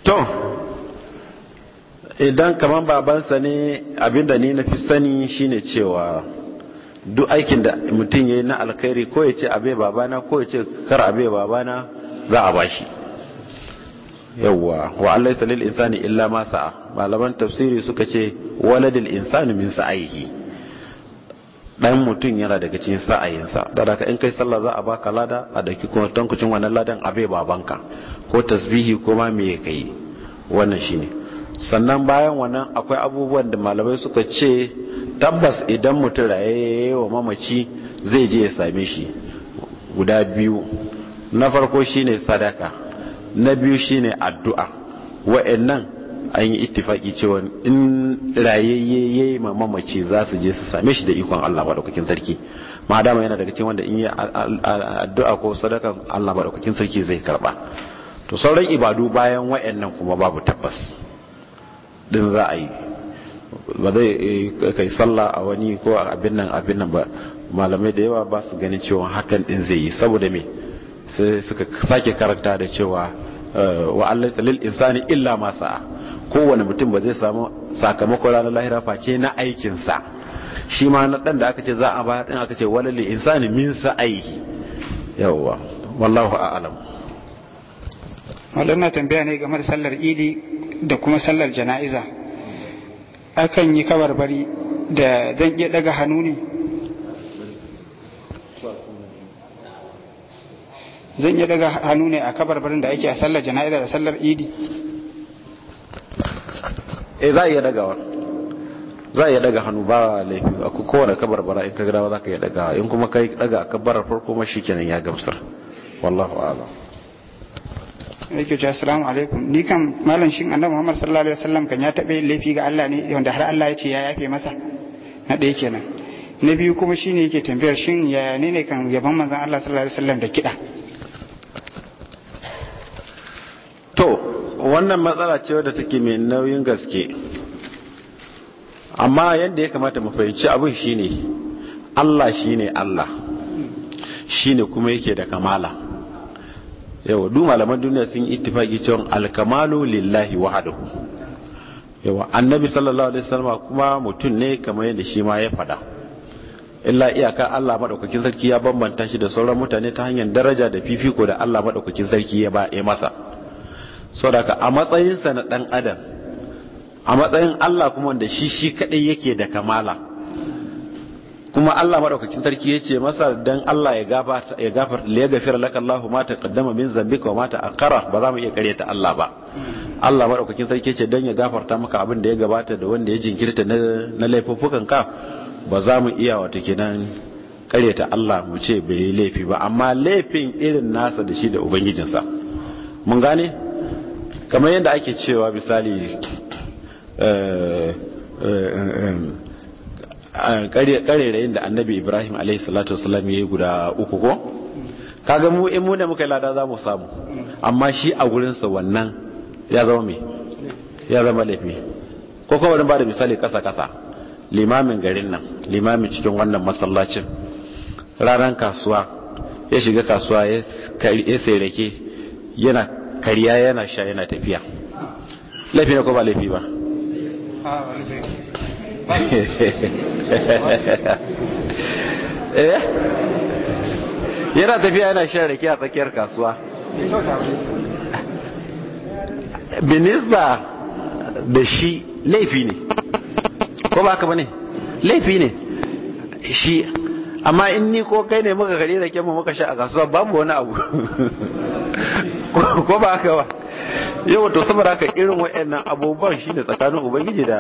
to idan kamar babansa ne abinda ni na fi sani shine cewa duk aikin da mutum ya yi na alkhairi ko ya ce abe babana ko ya ce kar abe babana za a bashi yawwa wa Allah salil insani illa ma sa'a malaman tafsiri suka ce waladil insani min sa'ihi dan mutum yana daga cikin sa'ayinsa da daga in kai sallah za a baka lada a daki kuma tankucin wannan ladan abe babanka ko tasbihi ko ma me kai wannan shine sannan bayan wannan akwai abubuwan da malamai suka ce tabbas idan mutum raye wa mamaci zai je ya same shi guda biyu na farko shine sadaka na biyu shine addu'a wa'annan an yi ittifaki cewa in raye ya yi ma mamaci za su je su same shi da ikon Allah maɗaukakin sarki ma dama yana daga cikin wanda in yi addu'a ko sadaka Allah maɗaukakin sarki zai karba to sauran ibadu bayan wa'annan kuma babu tabbas din za a yi ba zai eh, kai sallah a wani ko a abin nan abin nan ba malamai da yawa ba su ganin cewa hakan din zai yi saboda me sai suka sake karanta da cewa eh, wa Allah lil insani illa ma sa'a kowane mutum ba zai samu sakamako ranar lahira face na aikin sa shi ma na dan da aka ce za a bayar din aka ce walal insani min sa'i yawwa wallahu a'lam mallan na tambaya ne game da sallar idi da kuma sallar jana'iza akan yi bari da zan iya daga hannu ne zan iya daga hannu ne a barin da ake a sallar jana'iza da sallar idi eh za a iya dagawa za a iya daga hannu ba laifi a kowane bara in ka gada za ka iya dagawa in kuma yi daga a kabar farko mashi shi kenan ya gamsar wallahu a'lam yake cewa assalamu alaikum ni kam malam shin annabi Muhammad sallallahu alaihi wasallam kan ya tabe laifi ga Allah ne wanda har Allah ya ce ya yafe masa na ɗaya kenan na biyu kuma shine yake tambayar shin yaya ne ne kan yaban manzon Allah sallallahu alaihi wasallam da kiɗa to wannan matsala ce wadda take mai nauyin gaske amma yadda ya kamata mu fahimci abin shine Allah shine Allah shine kuma yake da kamala yawa duk malaman duniya sun yi ittifaki cewa alkamalu lillahi wahdahu yawa annabi sallallahu alaihi wasallam kuma mutum ne kamar yadda shi ma ya fada illa iyaka Allah madaukakin sarki ya bambanta shi da sauran mutane ta hanyar daraja da fifiko da Allah madaukakin sarki ya ba ya masa saboda a matsayin sa na dan adam a matsayin Allah kuma wanda shi shi kadai yake da kamala kuma Allah madaukakin sarki ya ce masa dan Allah ya gafarta ya gafarta la yaghfir lakallahu ma taqaddama min zambika wa ma ta'akkara ba za mu iya karyata Allah ba Allah madaukakin sarki ya dan ya gafarta maka abin da ya gabata da wanda ya jinkirta na laifukan ka ba za mu iya wato kenan karyata Allah mu ce bai laifi ba amma laifin irin nasa da shi da ubangijinsa mun gane kamar yadda ake cewa misali eh, eh, eh, ƙarerayin da annabi ibrahim alaihi ya yi guda uku ko kaga mu in mu da muka lada za mu samu amma shi a gurinsa wannan ya zama mai ya zama laifi ko kuma wani ba da misali kasa kasa limamin garin nan limamin cikin wannan masallacin ranar kasuwa ya shiga kasuwa ya sai rake yana kariya yana sha yana tafiya laifi na ko ba laifi ba ah, eh yana tafiya yana shan rake a tsakiyar kasuwa binisba da shi laifi ne ko ba ka ba ne laifi ne shi amma in ni ko kai ne muka gari rake mu muka sha a kasuwa babu wani abu ko ba ka ba yau to saboda haka irin wa'annan abubuwan shi ne tsakanin ubangiji da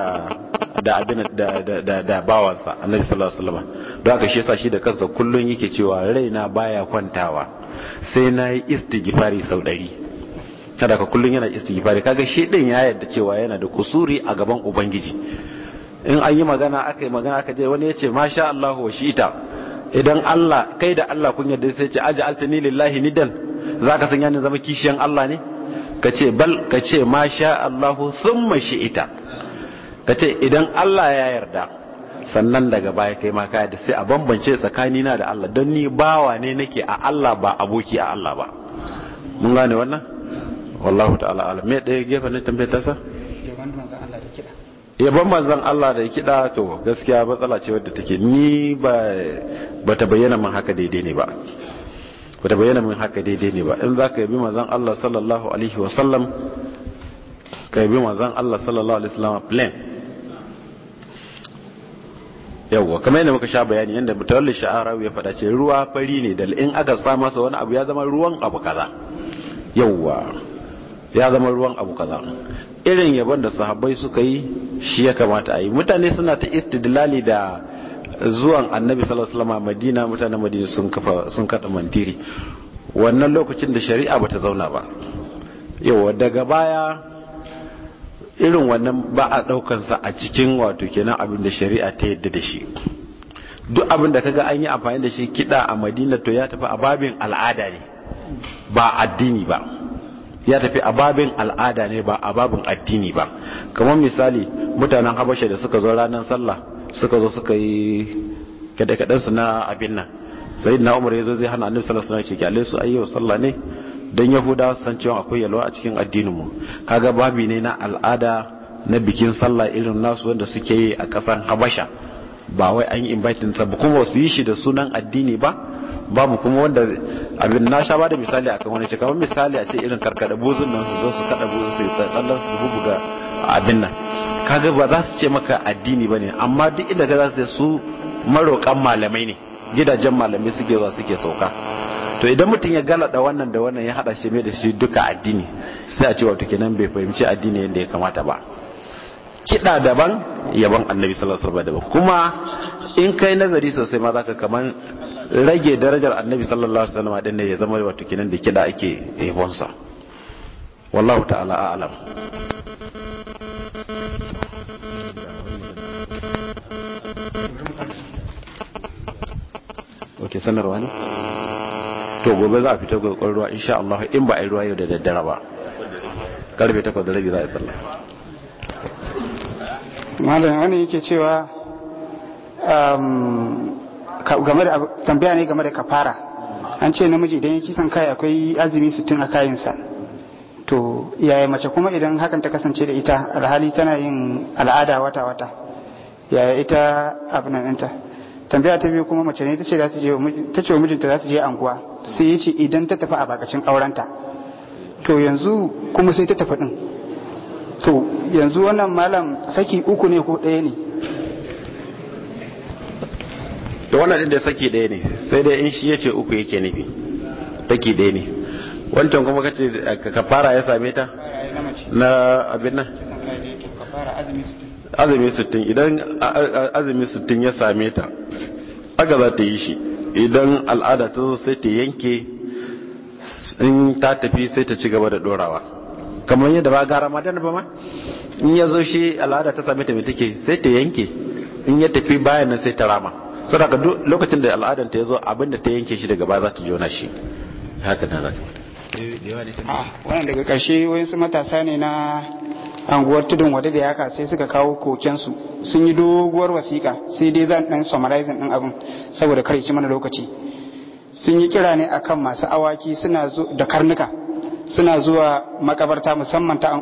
da abin da da da bawansa annabi sallallahu alaihi wasallam don haka shi yasa shi da kansa kullun yake cewa raina baya kwantawa sai nayi istighfari sau ɗari kada ka kullun yana istighfari kaga shi din ya yarda cewa yana da kusuri a gaban ubangiji in an yi magana aka yi magana aka je wani ya ce masha Allah wa shi ita? idan Allah kai da Allah kun yarda sai ce aji altani lillahi nidan zaka sanya ni zama kishiyan Allah ne ka ce bal ka ce ma sha Allahu mashi ita ka ce idan Allah ya yarda sannan daga baya kai ma ka da sai a bambance tsakani na da Allah don ni bawa ne nake a Allah ba aboki a Allah ba mun gane wannan wallahu ta'ala alam me ɗaya gefe ne tambayar tasa yaban manzan Allah da kiɗa to gaskiya matsala ce wadda take ni ba ta bayyana man haka daidai ne ba ku da bayyana min haka daidai ne ba in za ka yabi manzon Allah sallallahu alaihi wasallam ka yabi manzon Allah sallallahu alaihi wasallam plain yawwa kamar yadda muka sha bayani yadda mutawalli sha'arawi ya faɗa ce ruwa fari ne da in aka sa masa wani abu ya zama ruwan abu kaza yawwa ya zama ruwan abu kaza irin yabon da sahabbai suka yi shi ya kamata a yi mutane suna ta istidlali da zuwan annabi sallallahu alaihi wasallam madina mutanen madina sun kafa sun kada mantiri wannan lokacin da shari'a bata zauna ba yawa daga baya irin wannan ba a sa a cikin wato kenan abin da shari'a ta yadda da shi duk abin da kaga an yi amfani da shi kida a madina to ya tafi a al'ada ne ba addini ba ya tafi a babin al'ada ne ba a babin addini ba kamar misali mutanen habasha da suka zo ranar sallah suka zo suka yi kaɗe su na abin nan sai na umar ya zo zai hana annabi sallallahu alaihi wasallam ce kyale su ayyo sallah ne dan yahuda san cewa akwai yalwa a cikin addinin mu kaga babi ne na al'ada na bikin sallah irin nasu wanda suke yi a kasan habasha ba wai an yi ta ba kuma su yi shi da sunan addini ba babu kuma wanda abin na sha bada misali akan wani cikakken misali a ce irin karkada buzun nan su zo su kada buzun su yi tsallan su bubuga abin nan kaga ba za su ce maka addini ba ne amma duk inda ka za su su maroƙan malamai ne gidajen malamai suke zuwa suke sauka to idan mutum ya da wannan da wannan ya hada shi mai da shi duka addini sai a ce wato kenan bai fahimci addini yadda ya kamata ba kiɗa daban yaban annabi sallallahu alaihi wasallam kuma in kai nazari sosai ma zaka kaman rage darajar annabi sallallahu alaihi wasallam din ne ya zama wato kenan da kiɗa ake yabonsa wallahu ta'ala a'lam ke sanarwa ne to gobe za a fita gwagwar ruwa insha Allah in ba a yi ruwa yau da daddare ba karfe takwas da rabi za a yi sallah malam wani yake cewa um, game da tambaya ne game da kafara an ce namiji idan yake kisan kai akwai azumi sittin a kayansa to yaya mace kuma idan hakan ta kasance da ita alhali tana yin al'ada wata-wata yaya ita abin nan ɗinta tambaya ta biyu kuma mace ne za ta je ta ce mijinta za ta je anguwa sai ya ce idan ta tafi a bakacin aurenta to yanzu kuma sai ta tafi din to yanzu wannan malam saki uku ne ko ɗaya ne da wannan din da saki ɗaya ne sai dai in shi ya ce uku yake nufi saki ɗaya ne wancan kuma kace ka fara ya same ta na abin nan azumi sittin idan azumi sittin ya same ta aka za ta yi shi idan al'ada ta zo sai ta yanke in ta tafi sai ta ci gaba da dorawa kamar yadda ba gara ma ba ma in ya zo shi al'ada ta same ta mai take sai ta yanke in ya tafi bayan nan sai ta rama saboda duk lokacin da al'adar ta ya zo abinda ta yanke shi daga baya za ta jona shi haka nan zaka ah, wannan daga ƙarshe wayansu matasa ne na anguwar tudun wadda da yaka sai suka kawo kokensu sun yi doguwar wasiƙa sai dai zan ɗan summarizing din abin saboda kar ci mana lokaci sun yi kira ne akan masu awaki da karnuka suna zuwa makabarta musamman ta